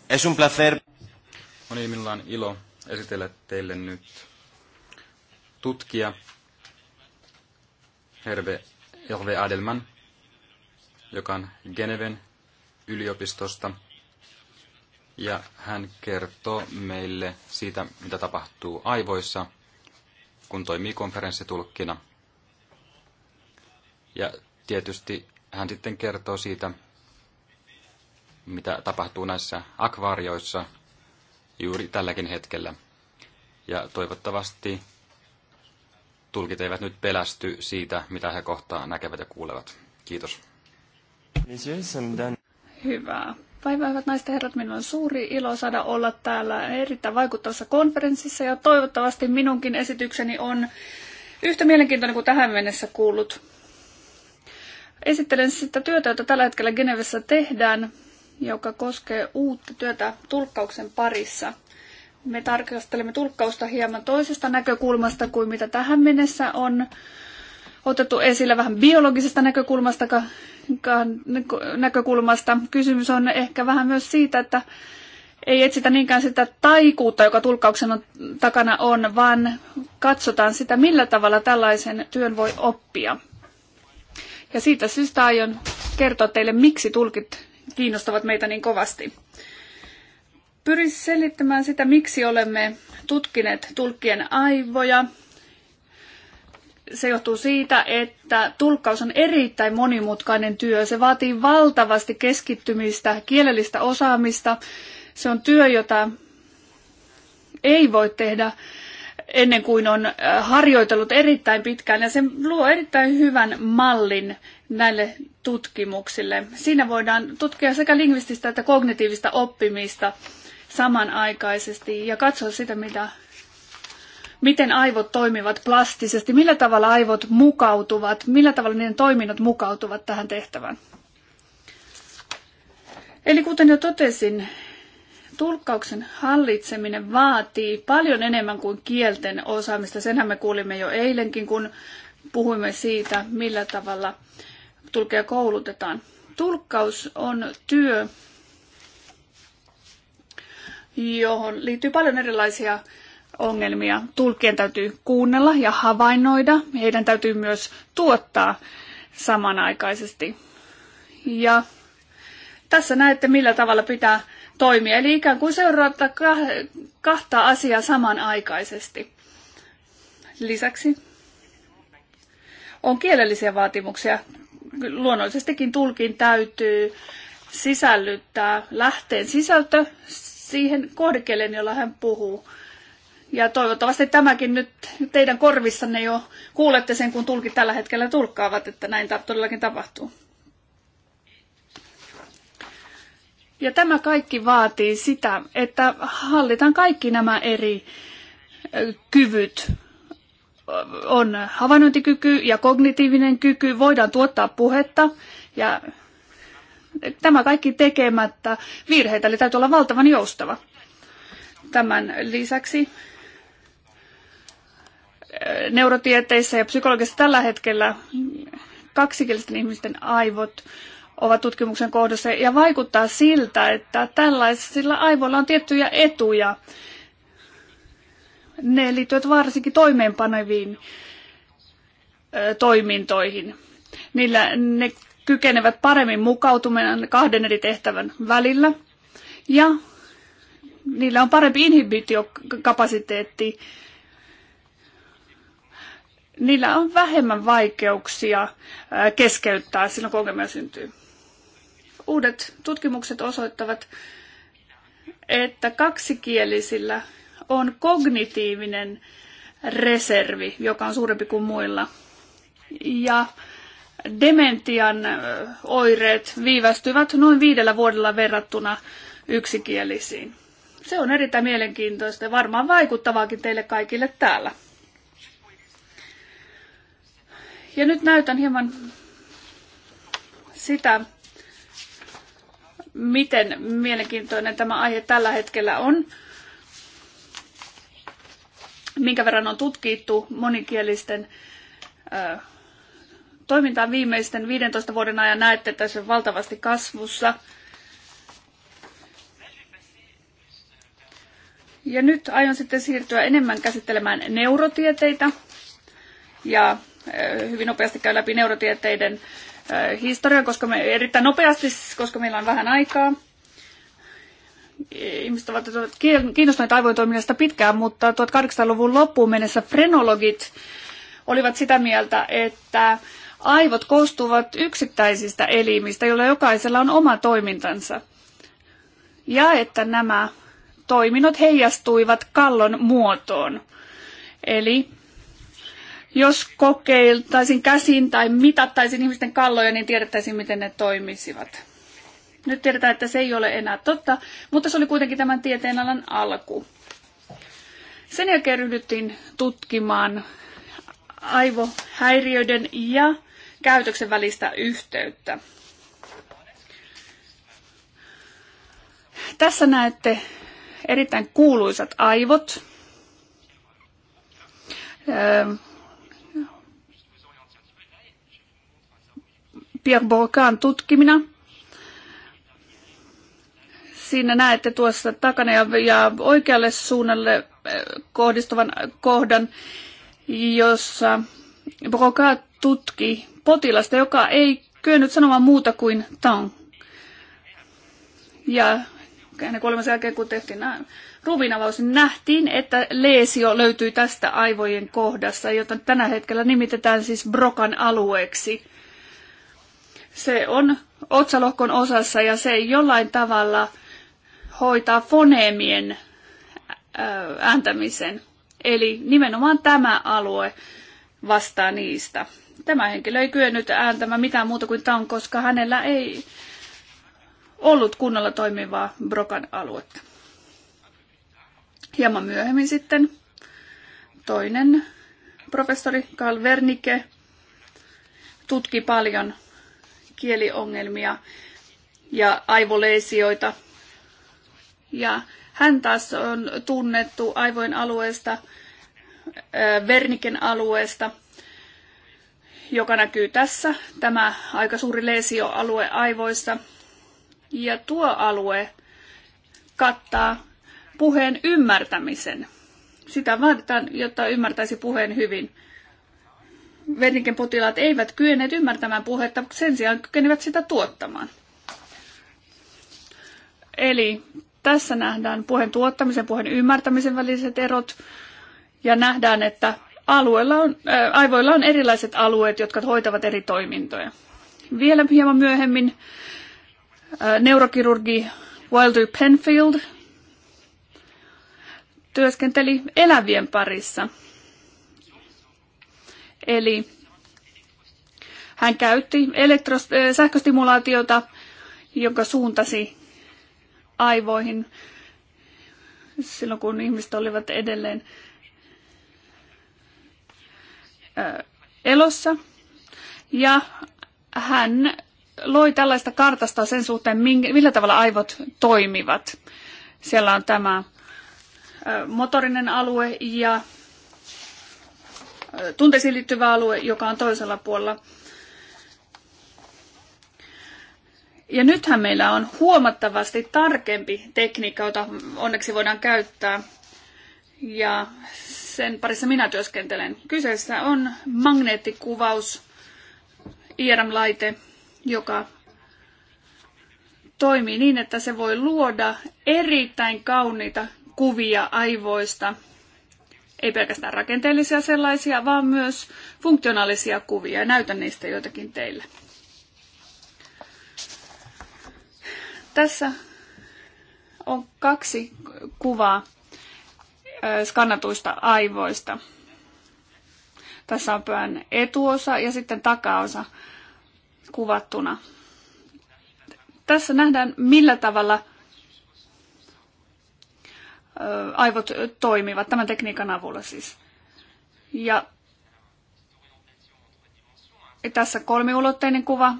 A: Es un placer. No niin, on ilmillaan ilo esitellä teille nyt tutkija Herve, Herve Adelman, joka on Geneven yliopistosta. Ja hän kertoo meille siitä, mitä tapahtuu aivoissa, kun toimii konferenssitulkkina. Ja tietysti hän sitten kertoo siitä, mitä tapahtuu näissä akvaarioissa juuri tälläkin hetkellä. Ja toivottavasti tulkit eivät nyt pelästy siitä, mitä he kohtaa näkevät ja kuulevat. Kiitos.
E: Hyvä. Päivää hyvät naiset ja herrat, minulla on suuri ilo saada olla täällä erittäin vaikuttavassa konferenssissa ja toivottavasti minunkin esitykseni on yhtä mielenkiintoinen kuin tähän mennessä kuullut Esittelen sitä työtä, jota tällä hetkellä Genevessä tehdään, joka koskee uutta työtä tulkkauksen parissa. Me tarkastelemme tulkkausta hieman toisesta näkökulmasta kuin mitä tähän mennessä on otettu esille vähän biologisesta näkökulmasta, ka, ka, näkökulmasta. Kysymys on ehkä vähän myös siitä, että ei etsitä niinkään sitä taikuutta, joka tulkkauksen on, takana on, vaan katsotaan sitä, millä tavalla tällaisen työn voi oppia. Ja siitä syystä aion kertoa teille, miksi tulkit kiinnostavat meitä niin kovasti. Pyrin selittämään sitä, miksi olemme tutkineet tulkkien aivoja. Se johtuu siitä, että tulkkaus on erittäin monimutkainen työ. Se vaatii valtavasti keskittymistä, kielellistä osaamista. Se on työ, jota ei voi tehdä ennen kuin on äh, harjoitellut erittäin pitkään ja se luo erittäin hyvän mallin näille tutkimuksille. Siinä voidaan tutkia sekä lingvististä että kognitiivista oppimista samanaikaisesti ja katsoa sitä, mitä, miten aivot toimivat plastisesti, millä tavalla aivot mukautuvat, millä tavalla niiden toiminnot mukautuvat tähän tehtävään. Eli kuten jo totesin, tulkkauksen hallitseminen vaatii paljon enemmän kuin kielten osaamista. Senhän me kuulimme jo eilenkin, kun puhuimme siitä, millä tavalla tulkkeja koulutetaan. Tulkkaus on työ, johon liittyy paljon erilaisia ongelmia. Tulkkien täytyy kuunnella ja havainnoida. Heidän täytyy myös tuottaa samanaikaisesti. Ja tässä näette, millä tavalla pitää toimia. Eli ikään kuin seurata kahta asiaa samanaikaisesti. Lisäksi on kielellisiä vaatimuksia. Luonnollisestikin tulkin täytyy sisällyttää lähteen sisältö siihen kohdekieleen, jolla hän puhuu. Ja toivottavasti tämäkin nyt teidän korvissanne jo kuulette sen, kun tulkit tällä hetkellä tulkkaavat, että näin todellakin tapahtuu. Ja tämä kaikki vaatii sitä, että hallitaan kaikki nämä eri kyvyt. On havainnointikyky ja kognitiivinen kyky, voidaan tuottaa puhetta ja tämä kaikki tekemättä virheitä, eli täytyy olla valtavan joustava. Tämän lisäksi neurotieteissä ja psykologisessa tällä hetkellä kaksikielisten ihmisten aivot ovat tutkimuksen kohdassa ja vaikuttaa siltä, että tällaisilla aivoilla on tiettyjä etuja. Ne liittyvät varsinkin toimeenpaneviin toimintoihin. Niillä ne kykenevät paremmin mukautumaan kahden eri tehtävän välillä ja niillä on parempi inhibitiokapasiteetti. Niillä on vähemmän vaikeuksia keskeyttää silloin, kun ongelmia syntyy. Uudet tutkimukset osoittavat, että kaksikielisillä on kognitiivinen reservi, joka on suurempi kuin muilla. Ja dementian oireet viivästyvät noin viidellä vuodella verrattuna yksikielisiin. Se on erittäin mielenkiintoista ja varmaan vaikuttavaakin teille kaikille täällä. Ja nyt näytän hieman sitä, miten mielenkiintoinen tämä aihe tällä hetkellä on, minkä verran on tutkittu monikielisten ö, toimintaa viimeisten 15 vuoden ajan. Näette, että se on valtavasti kasvussa. Ja nyt aion sitten siirtyä enemmän käsittelemään neurotieteitä ja hyvin nopeasti käy läpi neurotieteiden Äh, historian, koska me erittäin nopeasti, koska meillä on vähän aikaa. Ihmiset ovat aivojen toiminnasta pitkään, mutta 1800-luvun loppuun mennessä frenologit olivat sitä mieltä, että aivot koostuvat yksittäisistä elimistä, joilla jokaisella on oma toimintansa. Ja että nämä toiminnot heijastuivat kallon muotoon. Eli jos kokeiltaisiin käsin tai mitattaisiin ihmisten kalloja, niin tiedettäisiin, miten ne toimisivat. Nyt tiedetään, että se ei ole enää totta, mutta se oli kuitenkin tämän tieteenalan alku. Sen jälkeen ryhdyttiin tutkimaan aivohäiriöiden ja käytöksen välistä yhteyttä. Tässä näette erittäin kuuluisat aivot. Öö, Pierre Bourgain tutkimina. Siinä näette tuossa takana ja, ja oikealle suunnalle eh, kohdistuvan kohdan, jossa Broca tutki potilasta, joka ei kyennyt sanomaan muuta kuin tang. Ja hänen kuolemansa jälkeen, kun tehtiin ruvinavaus, niin nähtiin, että leesio löytyy tästä aivojen kohdassa, jota tänä hetkellä nimitetään siis Brokan alueeksi. Se on otsalohkon osassa ja se jollain tavalla hoitaa foneemien äh, ääntämisen. Eli nimenomaan tämä alue vastaa niistä. Tämä henkilö ei kyennyt ääntämään mitään muuta kuin taun, koska hänellä ei ollut kunnolla toimivaa Brokan aluetta. Hieman myöhemmin sitten toinen professori Karl Wernicke tutki paljon kieliongelmia ja aivoleesioita. Ja hän taas on tunnettu aivojen alueesta, Verniken alueesta, joka näkyy tässä, tämä aika suuri leesioalue aivoissa. Ja tuo alue kattaa puheen ymmärtämisen. Sitä vaaditaan, jotta ymmärtäisi puheen hyvin verniken potilaat eivät kyenneet ymmärtämään puhetta, sen sijaan kykenivät sitä tuottamaan. Eli tässä nähdään puheen tuottamisen, puheen ymmärtämisen väliset erot ja nähdään, että alueella on, ää, äh, aivoilla on erilaiset alueet, jotka hoitavat eri toimintoja. Vielä hieman myöhemmin ää, äh, neurokirurgi Wilder Penfield työskenteli elävien parissa – Eli hän käytti elektros- sähköstimulaatiota, joka suuntasi aivoihin silloin, kun ihmiset olivat edelleen elossa. Ja hän loi tällaista kartasta sen suhteen, millä tavalla aivot toimivat. Siellä on tämä motorinen alue ja tunteisiin liittyvä alue, joka on toisella puolella. Ja nythän meillä on huomattavasti tarkempi tekniikka, jota onneksi voidaan käyttää. Ja sen parissa minä työskentelen. Kyseessä on magneettikuvaus, IRM-laite, joka toimii niin, että se voi luoda erittäin kauniita kuvia aivoista – ei pelkästään rakenteellisia sellaisia, vaan myös funktionaalisia kuvia. Näytän niistä joitakin teille. Tässä on kaksi kuvaa skannatuista aivoista. Tässä on pään etuosa ja sitten takaosa kuvattuna. Tässä nähdään, millä tavalla aivot toimivat tämän tekniikan avulla siis. Ja tässä kolmiulotteinen kuva.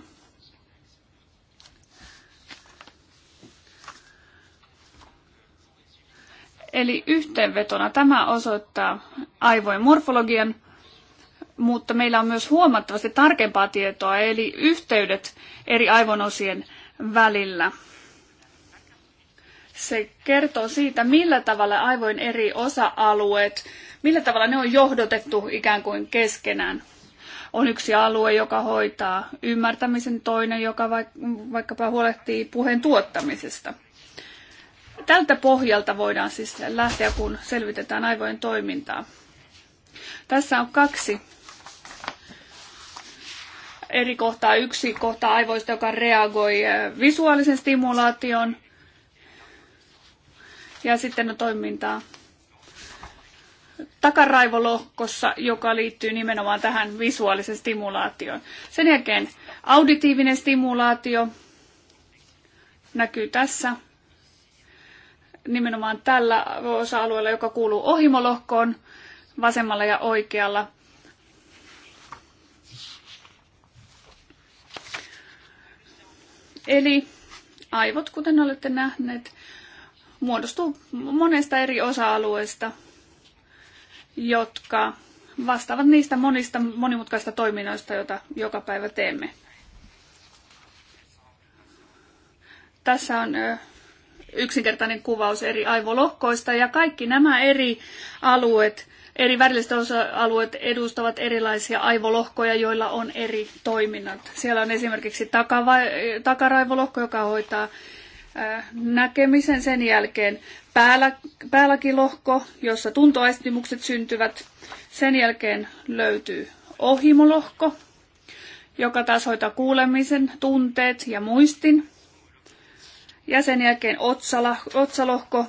E: Eli yhteenvetona tämä osoittaa aivojen morfologian, mutta meillä on myös huomattavasti tarkempaa tietoa, eli yhteydet eri aivonosien välillä. Se kertoo siitä, millä tavalla aivojen eri osa-alueet, millä tavalla ne on johdotettu ikään kuin keskenään. On yksi alue, joka hoitaa ymmärtämisen, toinen, joka vaikkapa huolehtii puheen tuottamisesta. Tältä pohjalta voidaan siis lähteä, kun selvitetään aivojen toimintaa. Tässä on kaksi eri kohtaa. Yksi kohta aivoista, joka reagoi eh, visuaalisen stimulaation ja sitten on toimintaa takaraivolohkossa, joka liittyy nimenomaan tähän visuaaliseen stimulaatioon. Sen jälkeen auditiivinen stimulaatio näkyy tässä nimenomaan tällä osa-alueella, joka kuuluu ohimolohkoon vasemmalla ja oikealla. Eli aivot, kuten olette nähneet, muodostuu monesta eri osa-alueesta, jotka vastaavat niistä monista monimutkaista toiminnoista, joita joka päivä teemme. Tässä on yksinkertainen kuvaus eri aivolohkoista ja kaikki nämä eri alueet, eri värilliset osa-alueet edustavat erilaisia aivolohkoja, joilla on eri toiminnat. Siellä on esimerkiksi takava, takaraivolohko, joka hoitaa Äh, näkemisen sen jälkeen päälä, päälläkilohko, jossa tuntoaistimukset syntyvät. Sen jälkeen löytyy ohimolohko, joka taas hoitaa kuulemisen, tunteet ja muistin. Ja sen jälkeen otsala, otsalohko,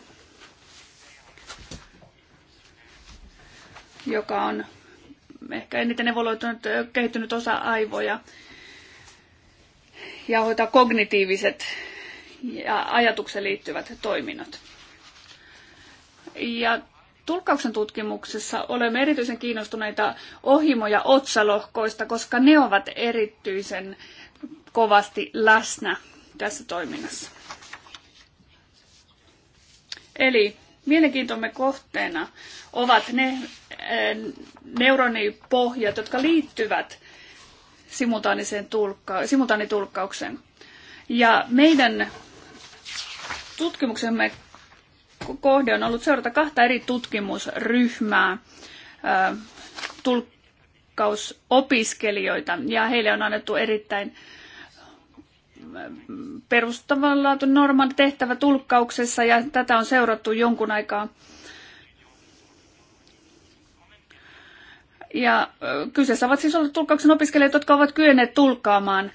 E: joka on ehkä eniten evoluoitunut, kehittynyt osa aivoja ja hoitaa kognitiiviset ja ajatukseen liittyvät toiminnot. Ja tulkkauksen tutkimuksessa olemme erityisen kiinnostuneita ohimo- ja otsalohkoista, koska ne ovat erityisen kovasti läsnä tässä toiminnassa. Eli mielenkiintomme kohteena ovat ne eh, neuronipohjat, jotka liittyvät simultaaniseen tulkka- simultaanitulkkaukseen. Ja meidän tutkimuksemme kohde on ollut seurata kahta eri tutkimusryhmää tulkkausopiskelijoita ja heille on annettu erittäin perustavanlaatu norman tehtävä tulkkauksessa ja tätä on seurattu jonkun aikaa. Ja kyseessä ovat siis olleet tulkkauksen opiskelijat, jotka ovat kyenneet tulkkaamaan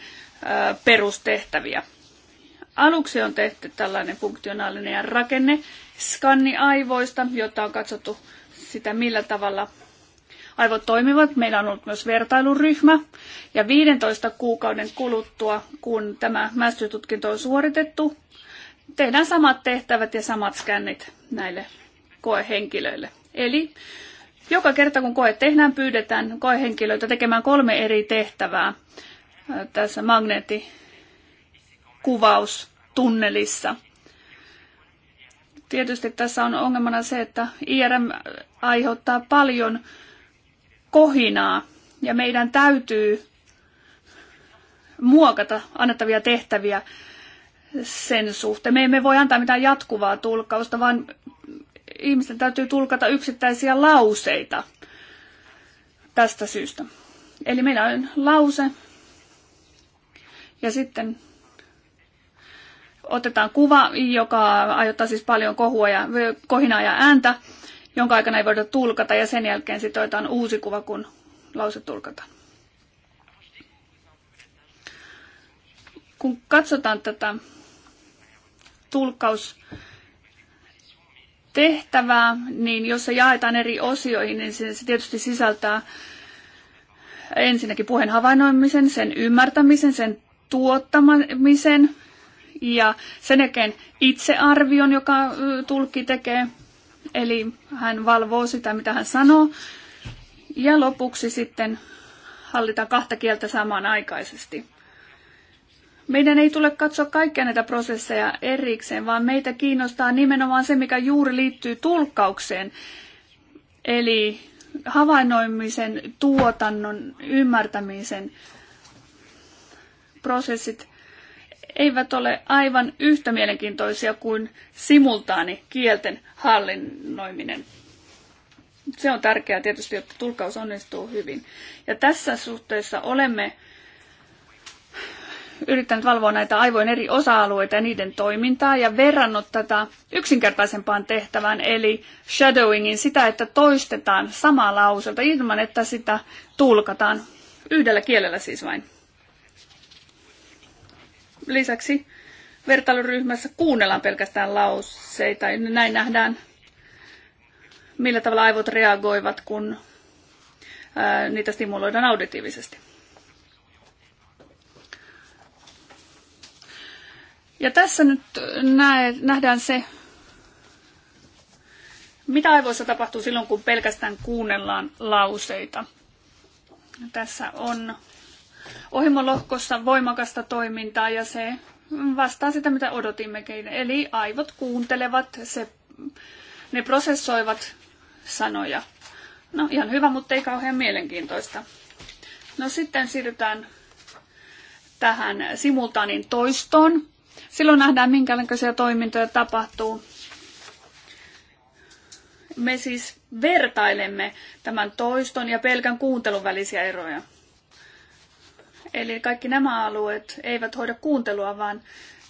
E: perustehtäviä. Aluksi on tehty tällainen funktionaalinen ja rakenne skanni aivoista, jota on katsottu sitä, millä tavalla aivot toimivat. Meillä on ollut myös vertailuryhmä. Ja 15 kuukauden kuluttua, kun tämä mästytutkinto on suoritettu, tehdään samat tehtävät ja samat skännit näille koehenkilöille. Eli joka kerta kun koe tehdään, pyydetään koehenkilöitä tekemään kolme eri tehtävää tässä magneetti kuvaus tunnelissa. Tietysti tässä on ongelmana se, että IRM aiheuttaa paljon kohinaa ja meidän täytyy muokata annettavia tehtäviä sen suhteen. Me emme voi antaa mitään jatkuvaa tulkkausta, vaan ihmisten täytyy tulkata yksittäisiä lauseita tästä syystä. Eli meillä on lause ja sitten otetaan kuva, joka aiheuttaa siis paljon kohua ja kohinaa ja ääntä, jonka aikana ei voida tulkata ja sen jälkeen sitten otetaan uusi kuva, kun lause tulkataan. Kun katsotaan tätä tulkkaustehtävää, niin jos se jaetaan eri osioihin, niin se tietysti sisältää ensinnäkin puheen havainnoimisen, sen ymmärtämisen, sen tuottamisen, ja sen jälkeen itsearvion, joka tulkki tekee. Eli hän valvoo sitä, mitä hän sanoo. Ja lopuksi sitten hallitaan kahta kieltä samanaikaisesti. Meidän ei tule katsoa kaikkia näitä prosesseja erikseen, vaan meitä kiinnostaa nimenomaan se, mikä juuri liittyy tulkkaukseen. Eli havainnoimisen, tuotannon, ymmärtämisen prosessit eivät ole aivan yhtä mielenkiintoisia kuin simultaani kielten hallinnoiminen. Se on tärkeää tietysti, jotta tulkaus onnistuu hyvin. Ja tässä suhteessa olemme yrittäneet valvoa näitä aivojen eri osa-alueita ja niiden toimintaa ja verrannut tätä yksinkertaisempaan tehtävään, eli shadowingin, sitä, että toistetaan samaa lauselta ilman, että sitä tulkataan yhdellä kielellä siis vain. Lisäksi vertailuryhmässä kuunnellaan pelkästään lauseita. Näin nähdään, millä tavalla aivot reagoivat, kun niitä stimuloidaan auditiivisesti. Ja tässä nyt nähdään se, mitä aivoissa tapahtuu silloin, kun pelkästään kuunnellaan lauseita. Tässä on ohjelmalohkossa voimakasta toimintaa ja se vastaa sitä, mitä odotimmekin. Eli aivot kuuntelevat, se, ne prosessoivat sanoja. No ihan hyvä, mutta ei kauhean mielenkiintoista. No sitten siirrytään tähän simultaanin toistoon. Silloin nähdään, minkälaisia toimintoja tapahtuu. Me siis vertailemme tämän toiston ja pelkän kuuntelun välisiä eroja. Eli kaikki nämä alueet eivät hoida kuuntelua, vaan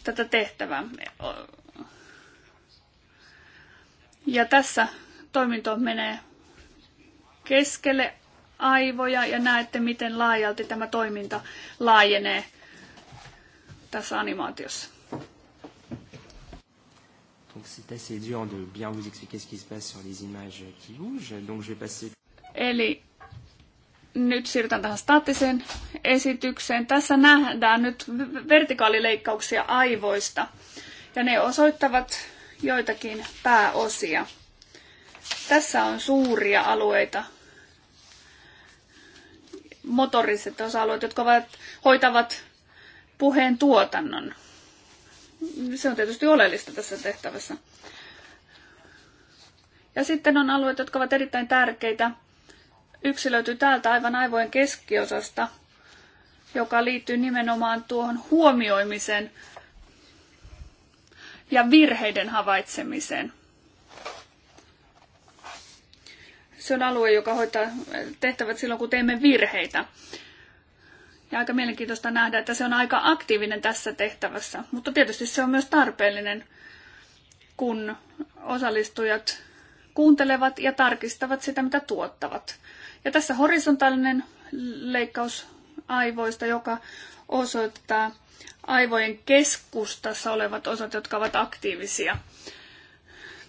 E: tätä tehtävää. Ja tässä toiminto menee keskelle aivoja ja näette, miten laajalti tämä toiminta laajenee tässä animaatiossa.
B: Donc c'est assez dur de bien vous expliquer ce qui se passe sur les images qui bougent. Donc je vais passer.
E: Eli nyt siirrytään tähän staattiseen esitykseen. Tässä nähdään nyt vertikaalileikkauksia aivoista ja ne osoittavat joitakin pääosia. Tässä on suuria alueita, motoriset osa-alueet, jotka ovat, hoitavat puheen tuotannon. Se on tietysti oleellista tässä tehtävässä. Ja sitten on alueet, jotka ovat erittäin tärkeitä Yksi löytyy täältä aivan aivojen keskiosasta, joka liittyy nimenomaan tuohon huomioimiseen ja virheiden havaitsemiseen. Se on alue, joka hoitaa tehtävät silloin, kun teemme virheitä. Ja aika mielenkiintoista nähdä, että se on aika aktiivinen tässä tehtävässä, mutta tietysti se on myös tarpeellinen, kun osallistujat kuuntelevat ja tarkistavat sitä, mitä tuottavat. Ja tässä horisontaalinen leikkaus aivoista, joka osoittaa aivojen keskustassa olevat osat, jotka ovat aktiivisia.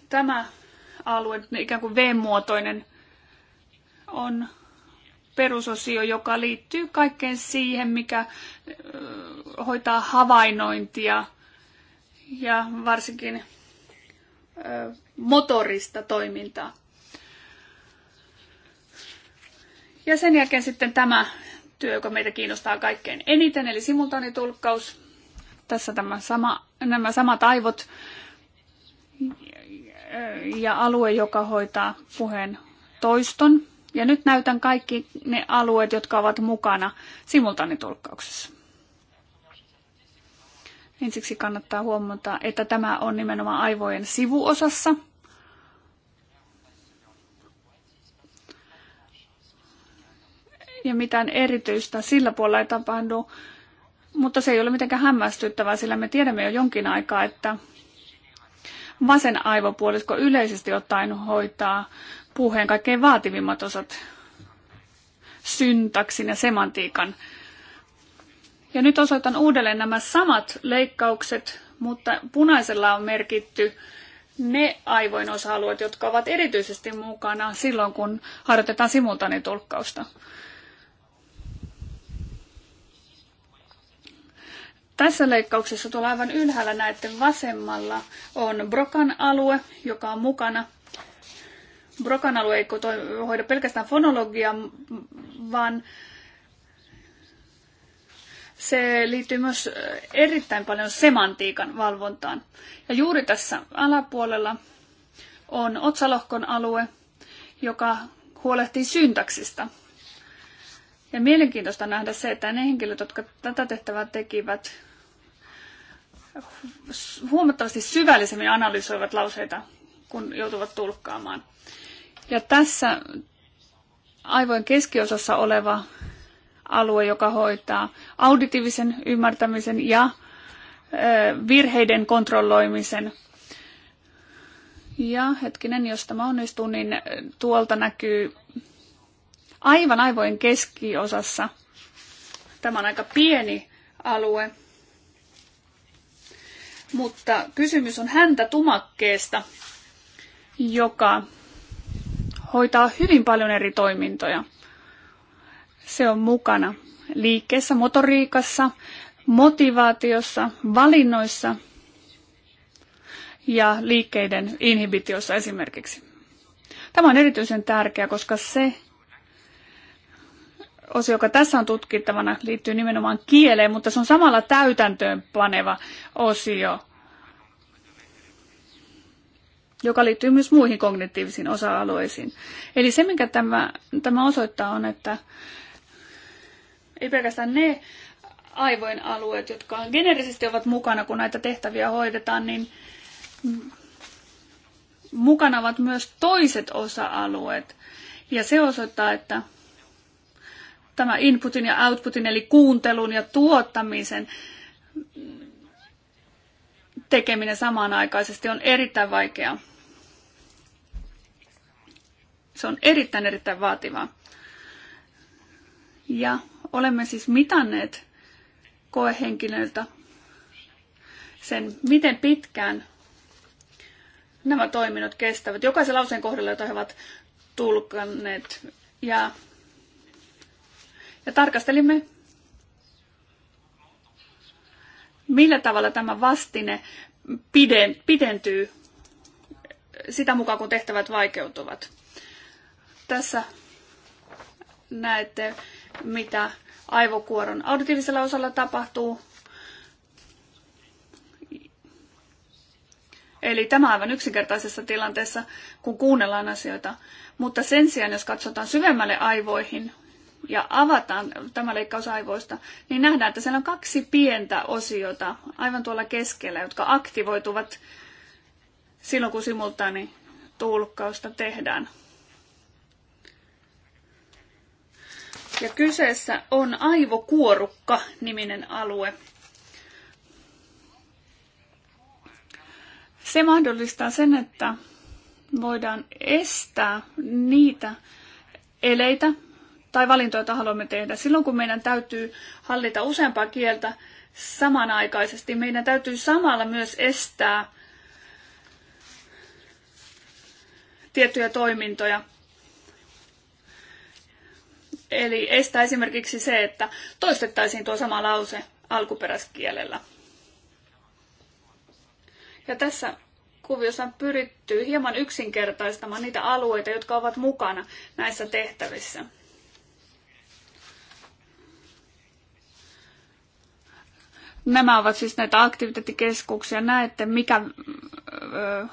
E: Tämä alue, ikään kuin V-muotoinen, on perusosio, joka liittyy kaikkeen siihen, mikä hoitaa havainnointia ja varsinkin motorista toimintaa. Ja sen jälkeen sitten tämä työ, joka meitä kiinnostaa kaikkein eniten, eli simultaanitulkkaus. Tässä tämä sama, nämä samat aivot ja alue, joka hoitaa puheen toiston. Ja nyt näytän kaikki ne alueet, jotka ovat mukana simultaanitulkkauksessa. Ensiksi kannattaa huomata, että tämä on nimenomaan aivojen sivuosassa – ja mitään erityistä sillä puolella ei tapahdu. Mutta se ei ole mitenkään hämmästyttävää, sillä me tiedämme jo jonkin aikaa, että vasen aivopuolisko yleisesti ottaen hoitaa puheen kaikkein vaativimmat osat syntaksin ja semantiikan. Ja nyt osoitan uudelleen nämä samat leikkaukset, mutta punaisella on merkitty ne aivojen osa-alueet, jotka ovat erityisesti mukana silloin, kun harjoitetaan simultaanitulkkausta. Tässä leikkauksessa tuolla aivan ylhäällä näette vasemmalla on Brokan alue, joka on mukana. Brokan alue ei hoida pelkästään fonologiaa, vaan se liittyy myös äh, erittäin paljon semantiikan valvontaan. Ja juuri tässä alapuolella on otsalohkon alue, joka huolehtii syntaksista. Ja mielenkiintoista nähdä se, että ne henkilöt, jotka tätä tehtävää tekivät, huomattavasti syvällisemmin analysoivat lauseita, kun joutuvat tulkkaamaan. Ja tässä aivojen keskiosassa oleva alue, joka hoitaa auditiivisen ymmärtämisen ja virheiden kontrolloimisen. Ja hetkinen, jos tämä onnistuu, niin tuolta näkyy aivan aivojen keskiosassa. Tämä on aika pieni alue mutta kysymys on häntä tumakkeesta, joka hoitaa hyvin paljon eri toimintoja. Se on mukana liikkeessä, motoriikassa, motivaatiossa, valinnoissa ja liikkeiden inhibitiossa esimerkiksi. Tämä on erityisen tärkeää, koska se osio, joka tässä on tutkittavana, liittyy nimenomaan kieleen, mutta se on samalla täytäntöön paneva osio, joka liittyy myös muihin kognitiivisiin osa-alueisiin. Eli se, minkä tämä, tämä osoittaa, on, että ei pelkästään ne aivojen alueet, jotka generisesti ovat mukana, kun näitä tehtäviä hoidetaan, niin mukana ovat myös toiset osa-alueet. Ja se osoittaa, että tämä inputin ja outputin, eli kuuntelun ja tuottamisen tekeminen samanaikaisesti on erittäin vaikeaa. Se on erittäin, erittäin vaativaa. Ja olemme siis mitanneet koehenkilöiltä sen, miten pitkään nämä toiminnot kestävät. Jokaisen lauseen kohdalla, jota he ovat tulkanneet. Ja ja tarkastelimme, millä tavalla tämä vastine pidentyy sitä mukaan, kun tehtävät vaikeutuvat. Tässä näette, mitä aivokuoron auditiivisella osalla tapahtuu. Eli tämä aivan yksinkertaisessa tilanteessa, kun kuunnellaan asioita. Mutta sen sijaan, jos katsotaan syvemmälle aivoihin, ja avataan tämä leikkaus aivoista, niin nähdään, että siellä on kaksi pientä osiota aivan tuolla keskellä, jotka aktivoituvat silloin, kun simultaani tulkkausta tehdään. Ja kyseessä on aivokuorukka niminen alue. Se mahdollistaa sen, että voidaan estää niitä eleitä, tai valintoja, joita haluamme tehdä. Silloin kun meidän täytyy hallita useampaa kieltä samanaikaisesti, meidän täytyy samalla myös estää tiettyjä toimintoja. Eli estää esimerkiksi se, että toistettaisiin tuo sama lause alkuperäiskielellä. Ja tässä kuviossa on pyritty hieman yksinkertaistamaan niitä alueita, jotka ovat mukana näissä tehtävissä. Nämä ovat siis näitä aktiviteettikeskuksia. Näette, mikä ö,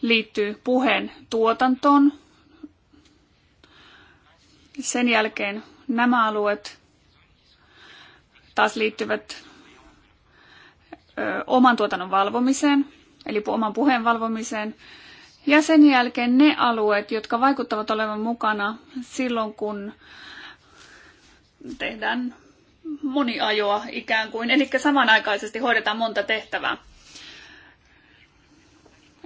E: liittyy puheen tuotantoon. Sen jälkeen nämä alueet taas liittyvät ö, oman tuotannon valvomiseen, eli oman puheen valvomiseen. Ja sen jälkeen ne alueet, jotka vaikuttavat olevan mukana silloin, kun tehdään moniajoa ikään kuin, eli samanaikaisesti hoidetaan monta tehtävää.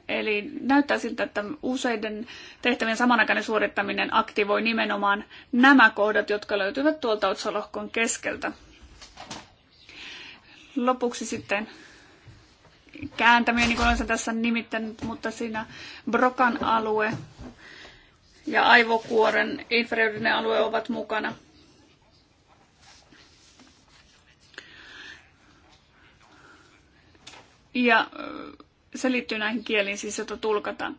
E: Eli näyttää siltä, että useiden tehtävien samanaikainen suorittaminen aktivoi nimenomaan nämä kohdat, jotka löytyvät tuolta otsalohkon keskeltä. Lopuksi sitten kääntäminen, niin kuin olen tässä nimittänyt, mutta siinä Brokan alue ja aivokuoren inferiorinen alue ovat mukana – Ja se liittyy näihin kieliin, siis jota tulkataan.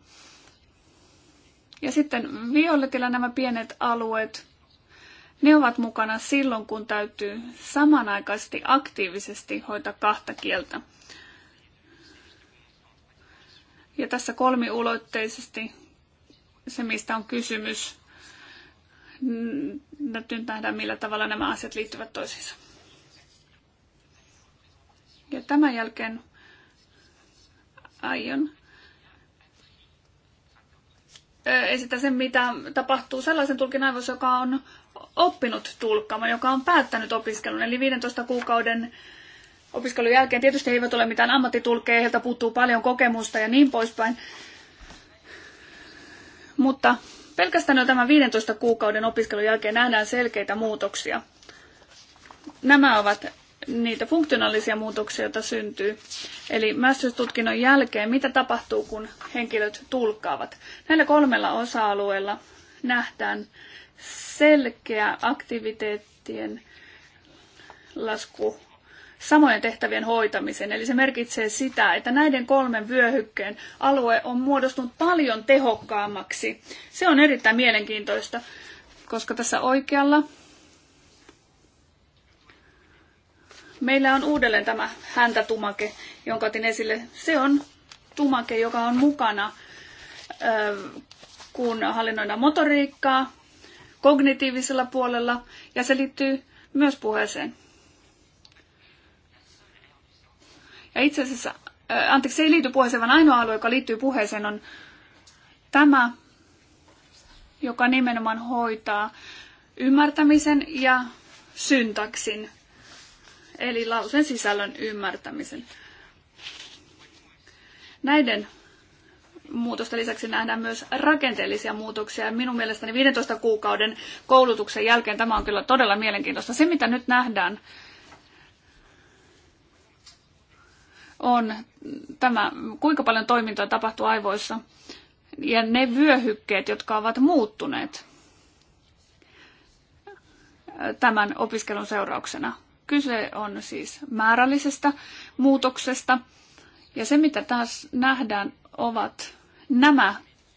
E: Ja sitten violetilla nämä pienet alueet, ne ovat mukana silloin, kun täytyy samanaikaisesti aktiivisesti hoitaa kahta kieltä. Ja tässä kolmiulotteisesti se, mistä on kysymys, nyt nähdään, millä tavalla nämä asiat liittyvät toisiinsa. Ja tämän jälkeen aion esitä sen, mitä tapahtuu sellaisen tulkin aivoissa, joka on oppinut tulkkaamaan, joka on päättänyt opiskelun. Eli 15 kuukauden opiskelun jälkeen tietysti he eivät ole mitään ammattitulkkeja, heiltä puuttuu paljon kokemusta ja niin poispäin. Mutta pelkästään jo tämän 15 kuukauden opiskelun jälkeen nähdään selkeitä muutoksia. Nämä ovat niitä funktionaalisia muutoksia, joita syntyy. Eli mästystutkinnon jälkeen, mitä tapahtuu, kun henkilöt tulkkaavat. Näillä kolmella osa-alueella nähdään selkeä aktiviteettien lasku samojen tehtävien hoitamisen. Eli se merkitsee sitä, että näiden kolmen vyöhykkeen alue on muodostunut paljon tehokkaammaksi. Se on erittäin mielenkiintoista, koska tässä oikealla Meillä on uudelleen tämä häntätumake, jonka otin esille. Se on tumake, joka on mukana, kun hallinnoidaan motoriikkaa kognitiivisella puolella, ja se liittyy myös puheeseen. Ja itse asiassa, anteeksi, se ei liity puheeseen, vaan ainoa alue, joka liittyy puheeseen, on tämä, joka nimenomaan hoitaa ymmärtämisen ja syntaksin eli lauseen sisällön ymmärtämisen. Näiden muutosten lisäksi nähdään myös rakenteellisia muutoksia. Minun mielestäni 15 kuukauden koulutuksen jälkeen tämä on kyllä todella mielenkiintoista. Se, mitä nyt nähdään, on tämä, kuinka paljon toimintoa tapahtuu aivoissa ja ne vyöhykkeet, jotka ovat muuttuneet tämän opiskelun seurauksena. Kyse on siis määrällisestä muutoksesta. Ja se, mitä taas nähdään, ovat nämä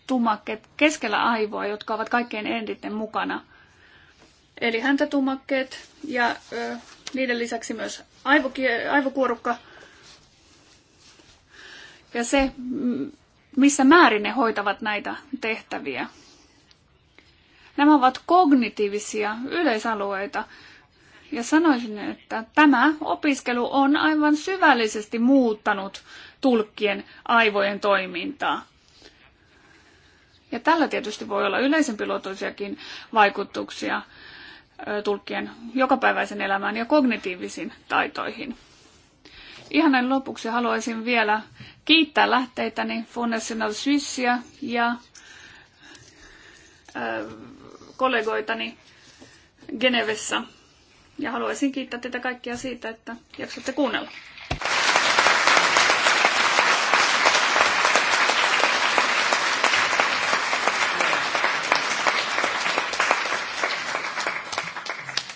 E: tumakkeet keskellä aivoa, jotka ovat kaikkein eniten mukana. Eli häntätumakkeet ja ö, niiden lisäksi myös aivokuorukka. Ja se, missä määrin ne hoitavat näitä tehtäviä. Nämä ovat kognitiivisia yleisalueita, ja sanoisin, että tämä opiskelu on aivan syvällisesti muuttanut tulkkien aivojen toimintaa. Ja tällä tietysti voi olla yleisenpiluotoisiakin vaikutuksia tulkkien jokapäiväisen elämään ja kognitiivisiin taitoihin. Ihan näin lopuksi haluaisin vielä kiittää lähteitäni Fondational Swissia ja kollegoitani Genevessä ja haluaisin kiittää teitä kaikkia siitä, että jaksatte kuunnella.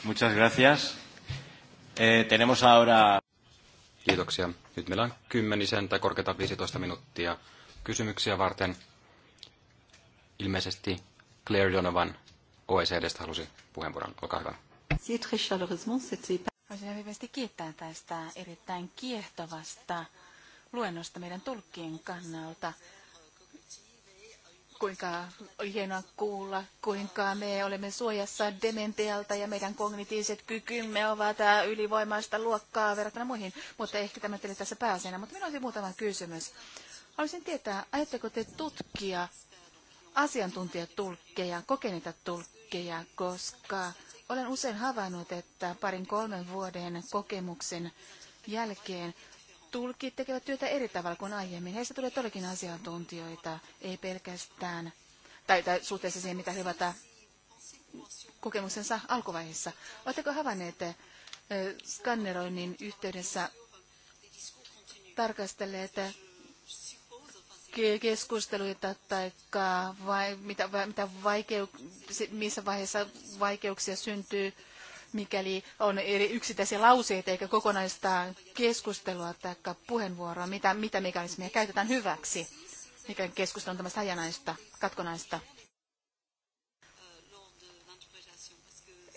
A: Muchas gracias. Eh, tenemos ahora... Kiitoksia. Nyt meillä on kymmenisen tai korkeata 15 minuuttia kysymyksiä varten. Ilmeisesti Claire Donovan OECDstä halusi puheenvuoron. Olkaa hyvä
C: remercier très chaleureusement. C'était... Voisin lämpimästi kiittää tästä erittäin kiehtovasta luennosta meidän tulkkien kannalta. Kuinka oli hienoa kuulla, kuinka me olemme suojassa dementialta ja meidän kognitiiviset kykymme ovat ylivoimaista luokkaa verrattuna muihin, mutta ehkä tämä teille tässä pääsenä. Mutta minulla olisi muutama kysymys. Haluaisin tietää, ajatteko te tutkia asiantuntijatulkkeja, kokeneita tulkkeja, koska olen usein havainnut, että parin kolmen vuoden kokemuksen jälkeen tulkit tekevät työtä eri tavalla kuin aiemmin. Heistä tulee todellakin asiantuntijoita, ei pelkästään, tai, tai suhteessa siihen, mitä he äh, kokemuksensa alkuvaiheessa. Oletteko havainneet äh, skanneroinnin yhteydessä tarkastelleet äh, keskusteluita tai vai, mitä, mitä vaikeu, missä vaiheessa vaikeuksia syntyy, mikäli on eri yksittäisiä lauseita eikä kokonaista keskustelua tai puheenvuoroa, mitä, mitä mekanismia käytetään hyväksi, mikä keskustelu on tämmöistä hajanaista, katkonaista.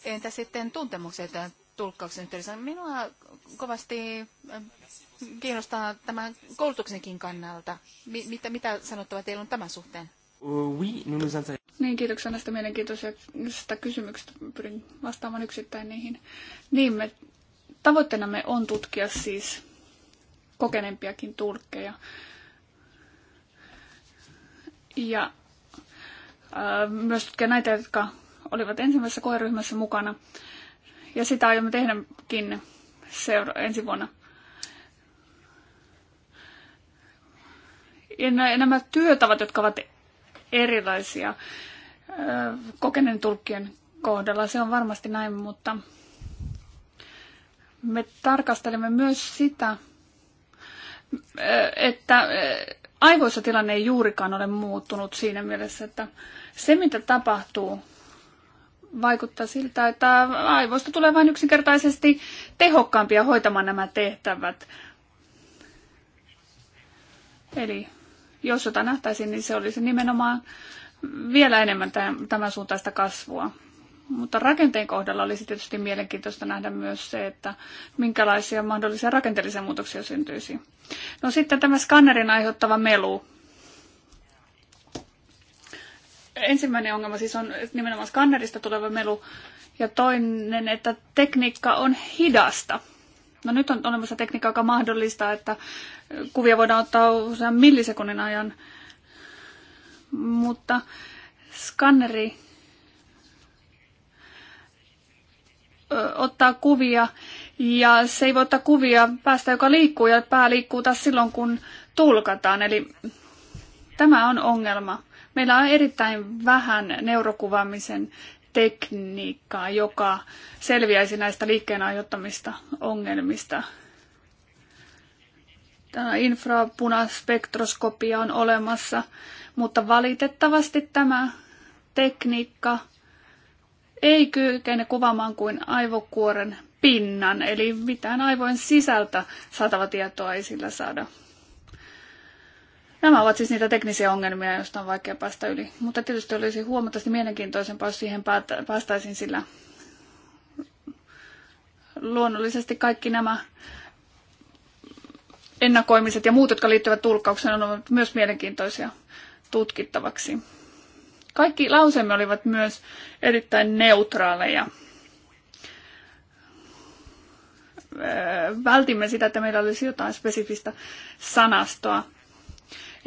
C: Entä sitten tuntemukset tulkkauksen yhteydessä. Minua kovasti äh, kiinnostaa tämän koulutuksenkin kannalta. mitä, mitä sanottavaa teillä on tämän
E: suhteen? Uh, niin, kiitoksia näistä mielenkiintoisista kysymyksistä. Pyrin vastaamaan yksittäin niihin. Niin, me, tavoitteenamme on tutkia siis kokeneempiakin tulkkeja. Ja äh, myös tutkia näitä, jotka olivat ensimmäisessä koeryhmässä mukana. Äh, ja sitä aiomme tehdäkin seura- ensi vuonna. Ja nämä työtavat, jotka ovat erilaisia kokeneen tulkkien kohdalla, se on varmasti näin, mutta me tarkastelemme myös sitä, että aivoissa tilanne ei juurikaan ole muuttunut siinä mielessä, että se mitä tapahtuu vaikuttaa siltä, että aivoista tulee vain yksinkertaisesti tehokkaampia hoitamaan nämä tehtävät. Eli jos jotain nähtäisiin, niin se olisi nimenomaan vielä enemmän tämän suuntaista kasvua. Mutta rakenteen kohdalla olisi tietysti mielenkiintoista nähdä myös se, että minkälaisia mahdollisia rakenteellisia muutoksia syntyisi. No sitten tämä skannerin aiheuttava melu ensimmäinen ongelma siis on nimenomaan skannerista tuleva melu ja toinen, että tekniikka on hidasta. No nyt on olemassa tekniikka, joka mahdollistaa, että kuvia voidaan ottaa usean millisekunnin ajan, mutta skanneri ottaa kuvia ja se ei voi ottaa kuvia päästä, joka liikkuu ja pää liikkuu taas silloin, kun tulkataan. Eli tämä on ongelma. Meillä on erittäin vähän neurokuvaamisen tekniikkaa, joka selviäisi näistä liikkeen aiheuttamista ongelmista. Tämä infrapunaspektroskopia on olemassa, mutta valitettavasti tämä tekniikka ei kykene kuvaamaan kuin aivokuoren pinnan, eli mitään aivojen sisältä saatava tietoa ei sillä saada Nämä ovat siis niitä teknisiä ongelmia, joista on vaikea päästä yli. Mutta tietysti olisi huomattavasti mielenkiintoisempaa, jos siihen päästäisiin, sillä luonnollisesti kaikki nämä ennakoimiset ja muut, jotka liittyvät tulkkaukseen, ovat myös mielenkiintoisia tutkittavaksi. Kaikki lauseemme olivat myös erittäin neutraaleja. Vältimme sitä, että meillä olisi jotain spesifistä sanastoa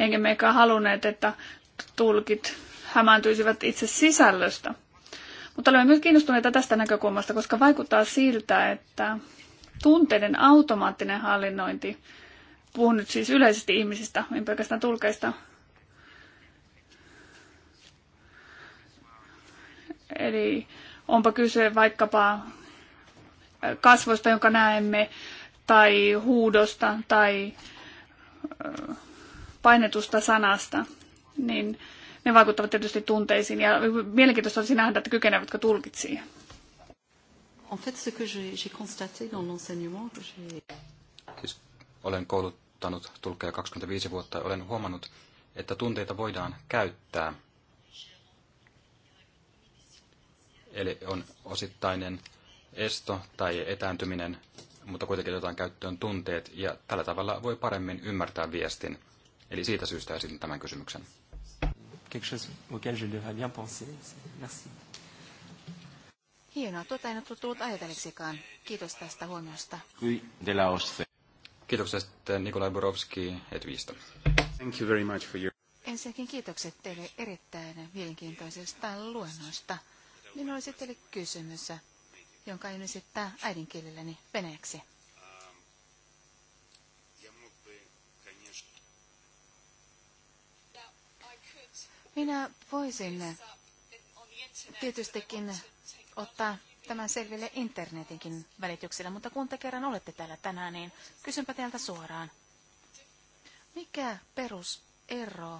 E: enkä mekään halunneet, että tulkit hämääntyisivät itse sisällöstä. Mutta olemme myös kiinnostuneita tästä näkökulmasta, koska vaikuttaa siltä, että tunteiden automaattinen hallinnointi, puhun nyt siis yleisesti ihmisistä, en pelkästään tulkeista, eli onpa kyse vaikkapa kasvoista, jonka näemme, tai huudosta, tai painetusta sanasta, niin ne vaikuttavat tietysti tunteisiin. Ja mielenkiintoista olisi nähdä, että kykenevätkö tulkit siihen.
C: En fait, ce que j'ai constaté dans l'enseignement, que j'ai...
A: Siis olen kouluttanut tulkkeja 25 vuotta ja olen huomannut, että tunteita voidaan käyttää. Eli on osittainen esto tai etääntyminen, mutta kuitenkin otetaan käyttöön tunteet ja tällä tavalla voi paremmin ymmärtää viestin. Eli siitä syystä esitin tämän kysymyksen.
C: Hienoa, tuota en ole tullut ajatelleeksikaan. Kiitos tästä huomiosta.
A: Kiitoksia sitten Nikolai Borovski Etvistä. Thank you very much for your...
C: Ensinnäkin kiitokset teille erittäin mielenkiintoisesta luennosta. Minulla olisi teille kysymys, jonka aion esittää äidinkielelläni venäjäksi. Minä voisin tietystikin ottaa tämän selville internetinkin välityksellä, mutta kun te kerran olette täällä tänään, niin kysynpä teiltä suoraan. Mikä perusero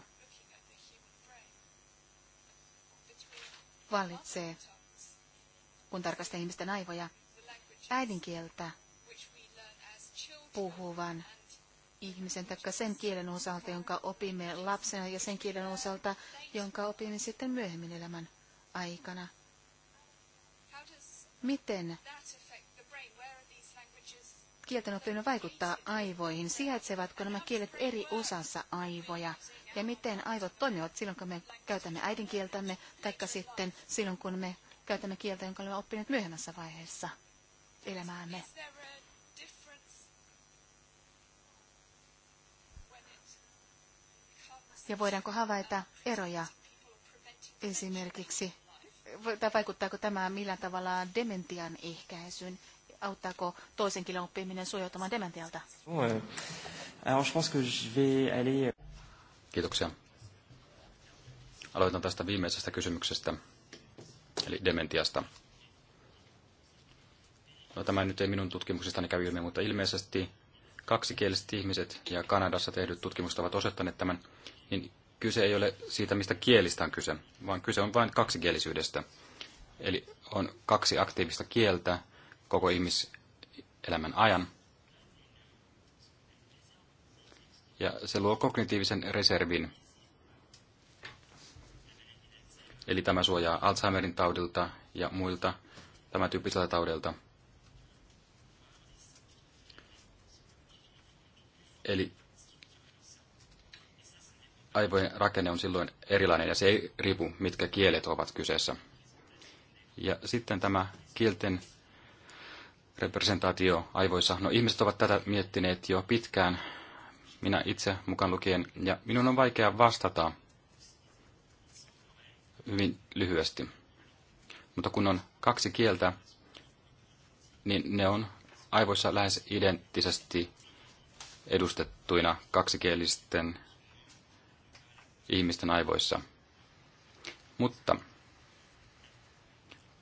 C: vallitsee, kun tarkastaa ihmisten aivoja, äidinkieltä puhuvan ihmisen tai sen kielen osalta, jonka opimme lapsena ja sen kielen osalta, jonka opimme sitten myöhemmin elämän aikana. Miten
D: kielten oppiminen vaikuttaa
C: aivoihin? Sijaitsevatko nämä kielet eri osassa aivoja? Ja miten aivot toimivat silloin, kun me käytämme äidinkieltämme, tai sitten silloin, kun me käytämme kieltä, jonka olemme oppineet myöhemmässä vaiheessa elämäämme? Ja voidaanko havaita eroja esimerkiksi, tai vaikuttaako tämä millään tavalla dementian ehkäisyyn? Auttaako toisen kielen oppiminen suojautumaan dementialta? Euh,
A: euh, Kiitoksia. Aloitan tästä viimeisestä kysymyksestä, eli dementiasta. No, tämä nyt ei minun tutkimuksistani käy ilmi, mutta ilmeisesti kaksikieliset ihmiset ja Kanadassa tehdyt tutkimukset ovat osoittaneet tämän niin kyse ei ole siitä, mistä kielistä on kyse, vaan kyse on vain kaksikielisyydestä. Eli on kaksi aktiivista kieltä koko ihmiselämän ajan. Ja se luo kognitiivisen reservin. Eli tämä suojaa Alzheimerin taudilta ja muilta tämän tyyppisiltä taudilta. Eli aivojen rakenne on silloin erilainen ja se ei riipu, mitkä kielet ovat kyseessä. Ja sitten tämä kielten representaatio aivoissa. No ihmiset ovat tätä miettineet jo pitkään, minä itse mukaan lukien, ja minun on vaikea vastata hyvin lyhyesti. Mutta kun on kaksi kieltä, niin ne on aivoissa lähes identtisesti edustettuina kaksikielisten ihmisten aivoissa. Mutta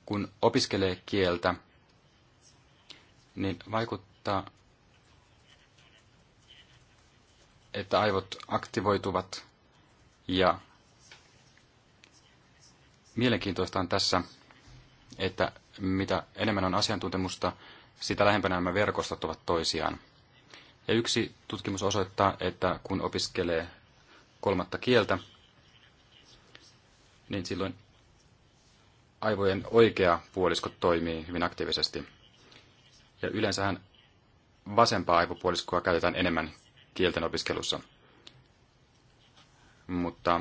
A: kun opiskelee kieltä, niin vaikuttaa, että aivot aktivoituvat ja mielenkiintoista on tässä, että mitä enemmän on asiantuntemusta, sitä lähempänä nämä verkostot ovat toisiaan. Ja yksi tutkimus osoittaa, että kun opiskelee kolmatta kieltä, niin silloin aivojen oikea puolisko toimii hyvin aktiivisesti. Ja yleensähän vasempaa aivopuoliskoa käytetään enemmän kielten opiskelussa. Mutta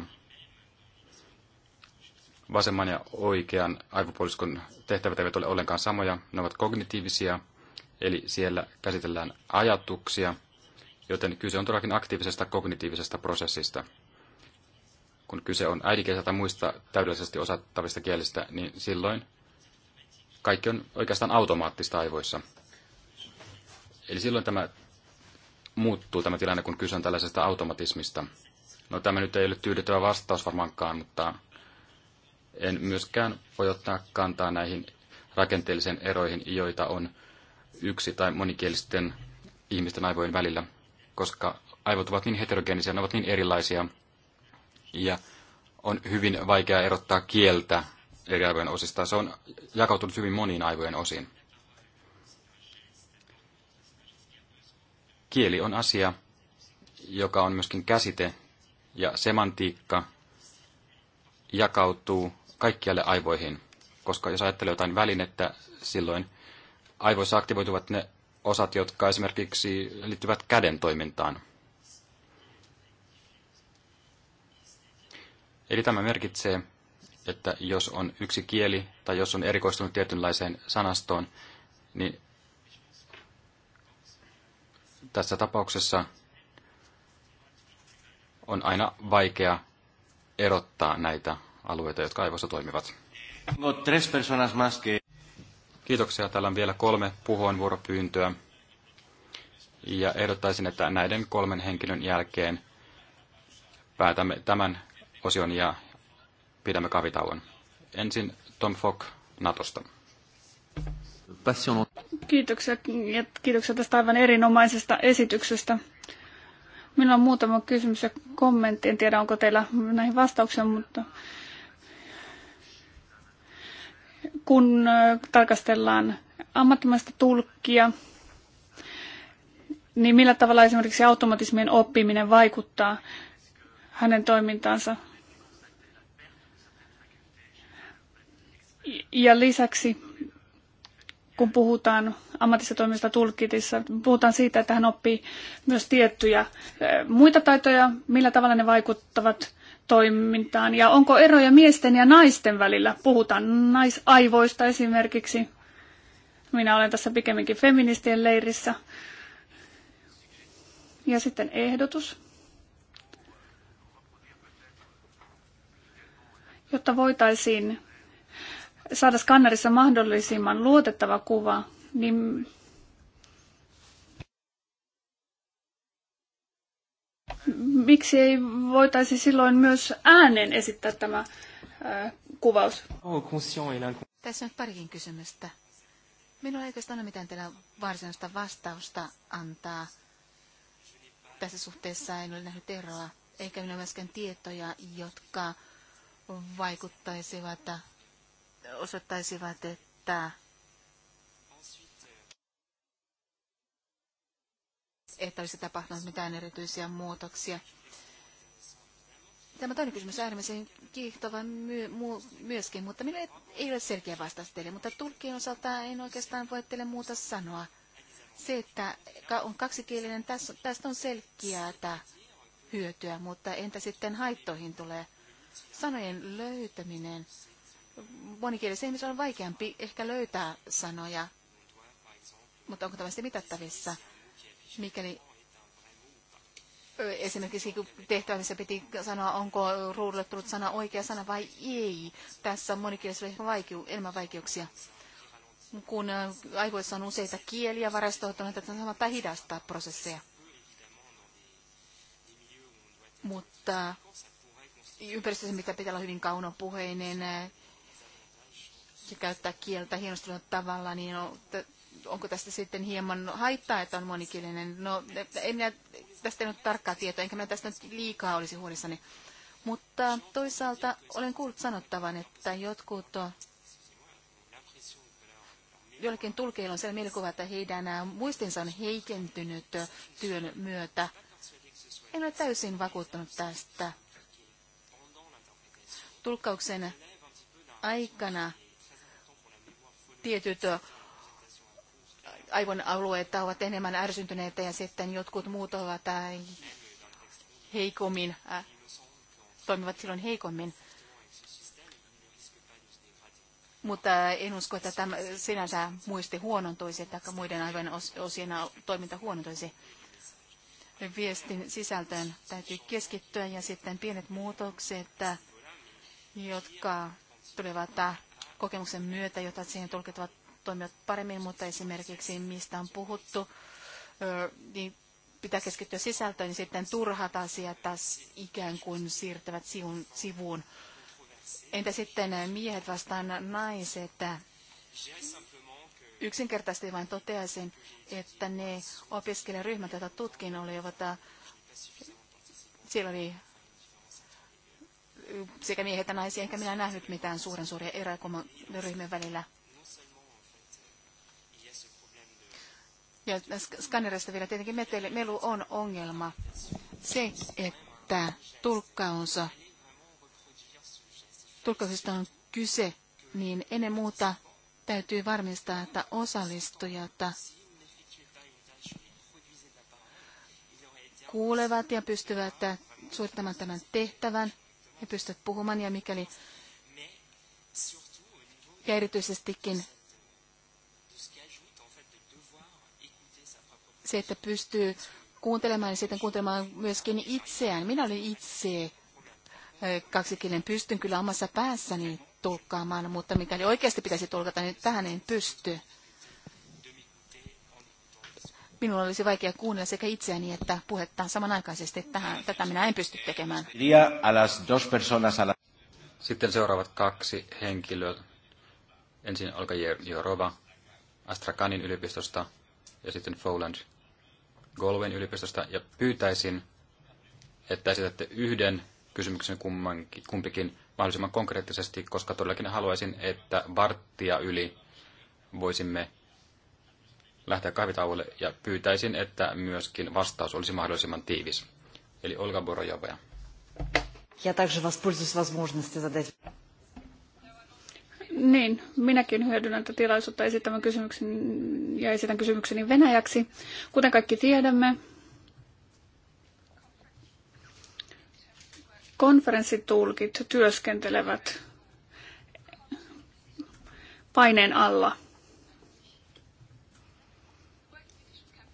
A: vasemman ja oikean aivopuoliskon tehtävät eivät ole ollenkaan samoja. Ne ovat kognitiivisia, eli siellä käsitellään ajatuksia – Joten kyse on todellakin aktiivisesta kognitiivisesta prosessista. Kun kyse on äidinkielistä tai muista täydellisesti osattavista kielistä, niin silloin kaikki on oikeastaan automaattista aivoissa. Eli silloin tämä muuttuu tämä tilanne, kun kyse on tällaisesta automatismista. No tämä nyt ei ole tyydyttävä vastaus varmaankaan, mutta en myöskään voi ottaa kantaa näihin rakenteellisen eroihin, joita on yksi- tai monikielisten ihmisten aivojen välillä koska aivot ovat niin heterogeenisia, ne ovat niin erilaisia, ja on hyvin vaikea erottaa kieltä eri aivojen osista. Se on jakautunut hyvin moniin aivojen osiin. Kieli on asia, joka on myöskin käsite, ja semantiikka jakautuu kaikkialle aivoihin, koska jos ajattelee jotain välinettä, silloin aivoissa aktivoituvat ne osat, jotka esimerkiksi liittyvät käden toimintaan. Eli tämä merkitsee, että jos on yksi kieli tai jos on erikoistunut tietynlaiseen sanastoon, niin tässä tapauksessa on aina vaikea erottaa näitä alueita, jotka aivoissa toimivat. Kiitoksia. Täällä on vielä kolme puheenvuoropyyntöä. Ja ehdottaisin, että näiden kolmen henkilön jälkeen päätämme tämän osion ja pidämme kavitauon. Ensin Tom Fock Natosta.
E: Kiitoksia ja kiitoksia tästä aivan erinomaisesta esityksestä. Minulla on muutama kysymys ja kommentti. En tiedä, onko teillä näihin vastauksia, mutta kun tarkastellaan ammattimaista tulkkia, niin millä tavalla esimerkiksi automatismien oppiminen vaikuttaa hänen toimintaansa. Ja lisäksi, kun puhutaan ammatissa toimivista tulkitissa, puhutaan siitä, että hän oppii myös tiettyjä muita taitoja, millä tavalla ne vaikuttavat toimintaan ja onko eroja miesten ja naisten välillä? Puhutaan naisaivoista esimerkiksi. Minä olen tässä pikemminkin feministien leirissä. Ja sitten ehdotus. Jotta voitaisiin saada skannerissa mahdollisimman luotettava kuva, niin miksi ei voitaisi silloin myös äänen esittää tämä äh, kuvaus? Oh, Tässä on parikin
C: kysymystä. Minulla ei oikeastaan ole mitään teillä varsinaista vastausta antaa. Tässä suhteessa en ole nähnyt eroa, eikä minulla myöskään tietoja, jotka vaikuttaisivat, osoittaisivat, että että olisi tapahtunut mitään erityisiä muutoksia. Tämä toinen kysymys on äärimmäisen kiihtova my, mu, myöskin, mutta minulla ei ole selkeä vastaus teille, mutta tulkien osalta en oikeastaan voi teille muuta sanoa. Se, että on kaksikielinen, tästä on selkeää hyötyä, mutta entä sitten haittoihin tulee sanojen löytäminen? Monikielisen ihmisen on vaikeampi ehkä löytää sanoja, mutta onko tämä sitten mitattavissa? mikäli esimerkiksi tehtävissä piti sanoa, onko ruudulle tullut sana oikea sana vai ei. Tässä on monikielisellä ehkä vaikeu, vaikeuksia. Kun aivoissa on useita kieliä varastoituna, tätä saattaa hidastaa prosesseja. Mutta ympäristössä, mitä pitää olla hyvin kaunopuheinen ja käyttää kieltä hienostuneella tavalla, niin on, onko tästä sitten hieman haittaa, että on monikielinen? No, en minä tästä nyt tarkkaa tietoa, enkä minä tästä nyt liikaa olisi huolissani. Mutta toisaalta olen kuullut sanottavan, että jotkut joillakin tulkeilla on sellainen mielikuva, että heidän muistinsa on heikentynyt työn myötä. En ole täysin vakuuttunut tästä. Tulkkauksen aikana tietyt aivonalueet ovat enemmän ärsyntyneitä ja sitten jotkut muut ovat äh, heikommin, äh, toimivat silloin heikommin. Mutta en usko, että tämä sinänsä muisti huonontuisi, tai muiden aivan osien toiminta huonontuisi. Viestin sisältöön täytyy keskittyä ja sitten pienet muutokset, jotka tulevat äh, kokemuksen myötä, jota siihen tulkitavat toimia paremmin, mutta esimerkiksi mistä on puhuttu, niin pitää keskittyä sisältöön, niin sitten turhat asiat taas ikään kuin siirtävät sivuun. Entä sitten miehet vastaan naiset? Yksinkertaisesti vain toteaisin, että ne opiskelijaryhmät, joita tutkin, olivat, siellä oli sekä miehet että naisia, enkä minä nähnyt mitään suuren suuria eroja ryhmien välillä. Ja skannereista vielä tietenkin meteli, melu on ongelma. Se, että tulkkaunsa, tulkkausista on kyse, niin ennen muuta täytyy varmistaa, että osallistujat kuulevat ja pystyvät suorittamaan tämän tehtävän ja pystyvät puhumaan ja mikäli ja erityisestikin se, että pystyy kuuntelemaan ja sitten kuuntelemaan myöskin itseään. Minä olin itse kaksikielinen, pystyn kyllä omassa päässäni tulkkaamaan, mutta mikäli oikeasti pitäisi tulkata, niin tähän en pysty. Minulla olisi vaikea kuunnella sekä itseäni että puhettaan samanaikaisesti. Tähän, tätä minä en pysty tekemään.
A: Sitten seuraavat kaksi henkilöä. Ensin Olga Jorova Astrakanin yliopistosta ja sitten Fowland Golven yliopistosta ja pyytäisin, että esitätte yhden kysymyksen kummankin, kumpikin mahdollisimman konkreettisesti, koska todellakin haluaisin, että varttia yli voisimme lähteä kahvitauolle ja pyytäisin, että myöskin vastaus olisi mahdollisimman tiivis. Eli Olga Borojova.
E: Я также воспользуюсь возможностью задать niin, minäkin hyödynnän tätä tilaisuutta esittämään kysymyksen ja esitän kysymykseni venäjäksi. Kuten kaikki tiedämme, konferenssitulkit työskentelevät paineen alla.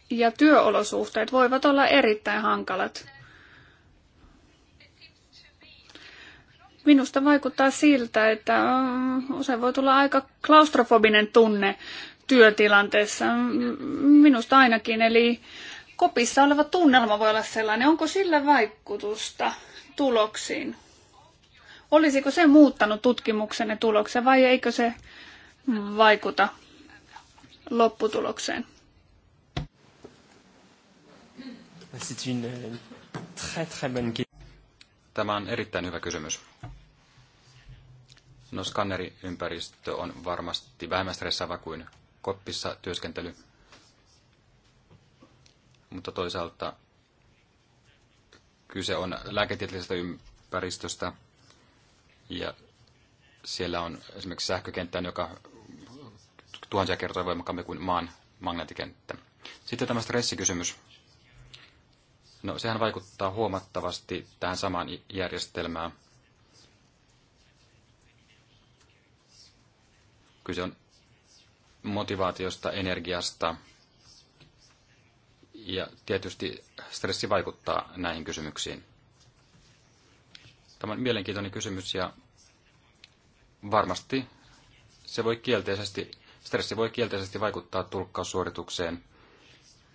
E: Ja työolosuhteet voivat olla erittäin hankalat. Minusta vaikuttaa siltä, että mm, usein voi tulla aika klaustrofobinen tunne työtilanteessa, mm, minusta ainakin. Eli kopissa oleva tunnelma voi olla sellainen. Onko sillä vaikutusta tuloksiin? Olisiko se muuttanut tutkimuksenne tuloksen vai eikö se vaikuta lopputulokseen?
A: C'est une euh, très très bonne Tämä on erittäin hyvä kysymys. No skanneriympäristö on varmasti vähemmän stressaava kuin koppissa työskentely. Mutta toisaalta kyse on lääketieteellisestä ympäristöstä ja siellä on esimerkiksi sähkökenttä, joka tuhansia kertoja voimakkaampi kuin maan magneettikenttä. Sitten tämä stressikysymys. No sehän vaikuttaa huomattavasti tähän samaan järjestelmään. Kyse on motivaatiosta, energiasta ja tietysti stressi vaikuttaa näihin kysymyksiin. Tämä on mielenkiintoinen kysymys ja varmasti se voi kielteisesti, stressi voi kielteisesti vaikuttaa tulkkaussuoritukseen –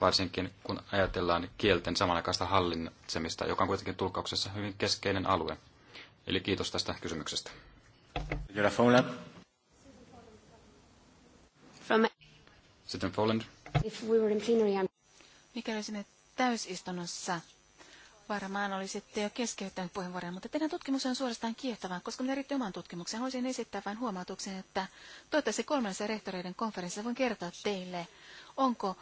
A: varsinkin kun ajatellaan kielten samanaikaista hallitsemista, joka on kuitenkin tulkauksessa hyvin keskeinen alue. Eli kiitos tästä kysymyksestä. Sitten Poland.
C: Mikäli sinne täysistunnossa, varmaan olisitte jo keskeyttänyt puheenvuoron, mutta teidän tutkimus on suorastaan kiehtovaa, koska minä erittäin oman tutkimuksen haluaisin esittää vain huomautuksen, että toivottavasti kolmannessa rehtoreiden konferenssissa voin kertoa teille, onko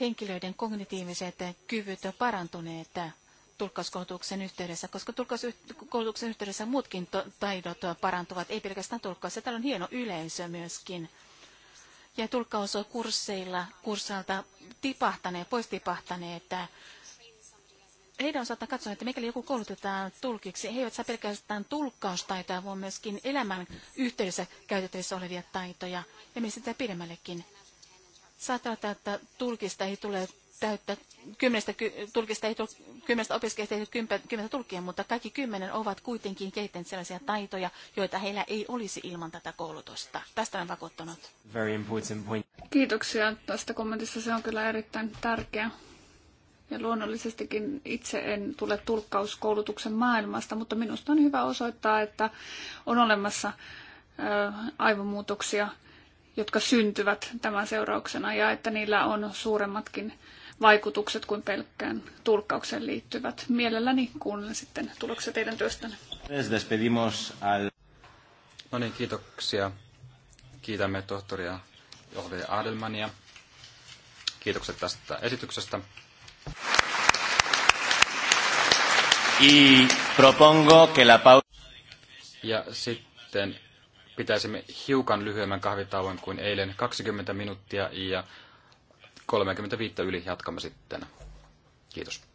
C: henkilöiden kognitiiviset kyvyt parantuneet tulkkauskoulutuksen yhteydessä, koska tulkkauskoulutuksen yhteydessä muutkin taidot parantuvat, ei pelkästään tulkkaus. täällä on hieno yleisö myöskin. Ja on kursseilla, kurssalta tipahtaneet, pois tipahtaneet heidän saattaa katsoa, että mikäli joku koulutetaan tulkiksi, he eivät saa pelkästään tulkkaustaitoja, vaan myöskin elämän yhteydessä käytettävissä olevia taitoja ja me sitä pidemmällekin saattaa, että tulkista ei tule täyttä, kymmenestä tulkista ei tule, kymmenestä opiskelijasta ei tule kymmentä tulkia, mutta kaikki kymmenen ovat kuitenkin kehittäneet sellaisia taitoja, joita heillä ei olisi ilman tätä koulutusta. Tästä olen vakuuttanut. Very important point.
E: Kiitoksia tästä kommentista, se on kyllä erittäin tärkeä. Ja luonnollisestikin itse en tule tulkkauskoulutuksen maailmasta, mutta minusta on hyvä osoittaa, että on olemassa aivomuutoksia jotka syntyvät tämän seurauksena ja että niillä on suuremmatkin vaikutukset kuin pelkkään tulkkaukseen liittyvät. Mielelläni kuunnella sitten tuloksia teidän työstänne.
A: No niin, kiitoksia. Kiitämme tohtoria Johde Adelmania. Kiitokset tästä esityksestä. Y propongo que la pausa... Ja sitten pitäisimme hiukan lyhyemmän kahvitauon kuin eilen, 20 minuuttia ja 35 yli jatkamme sitten. Kiitos.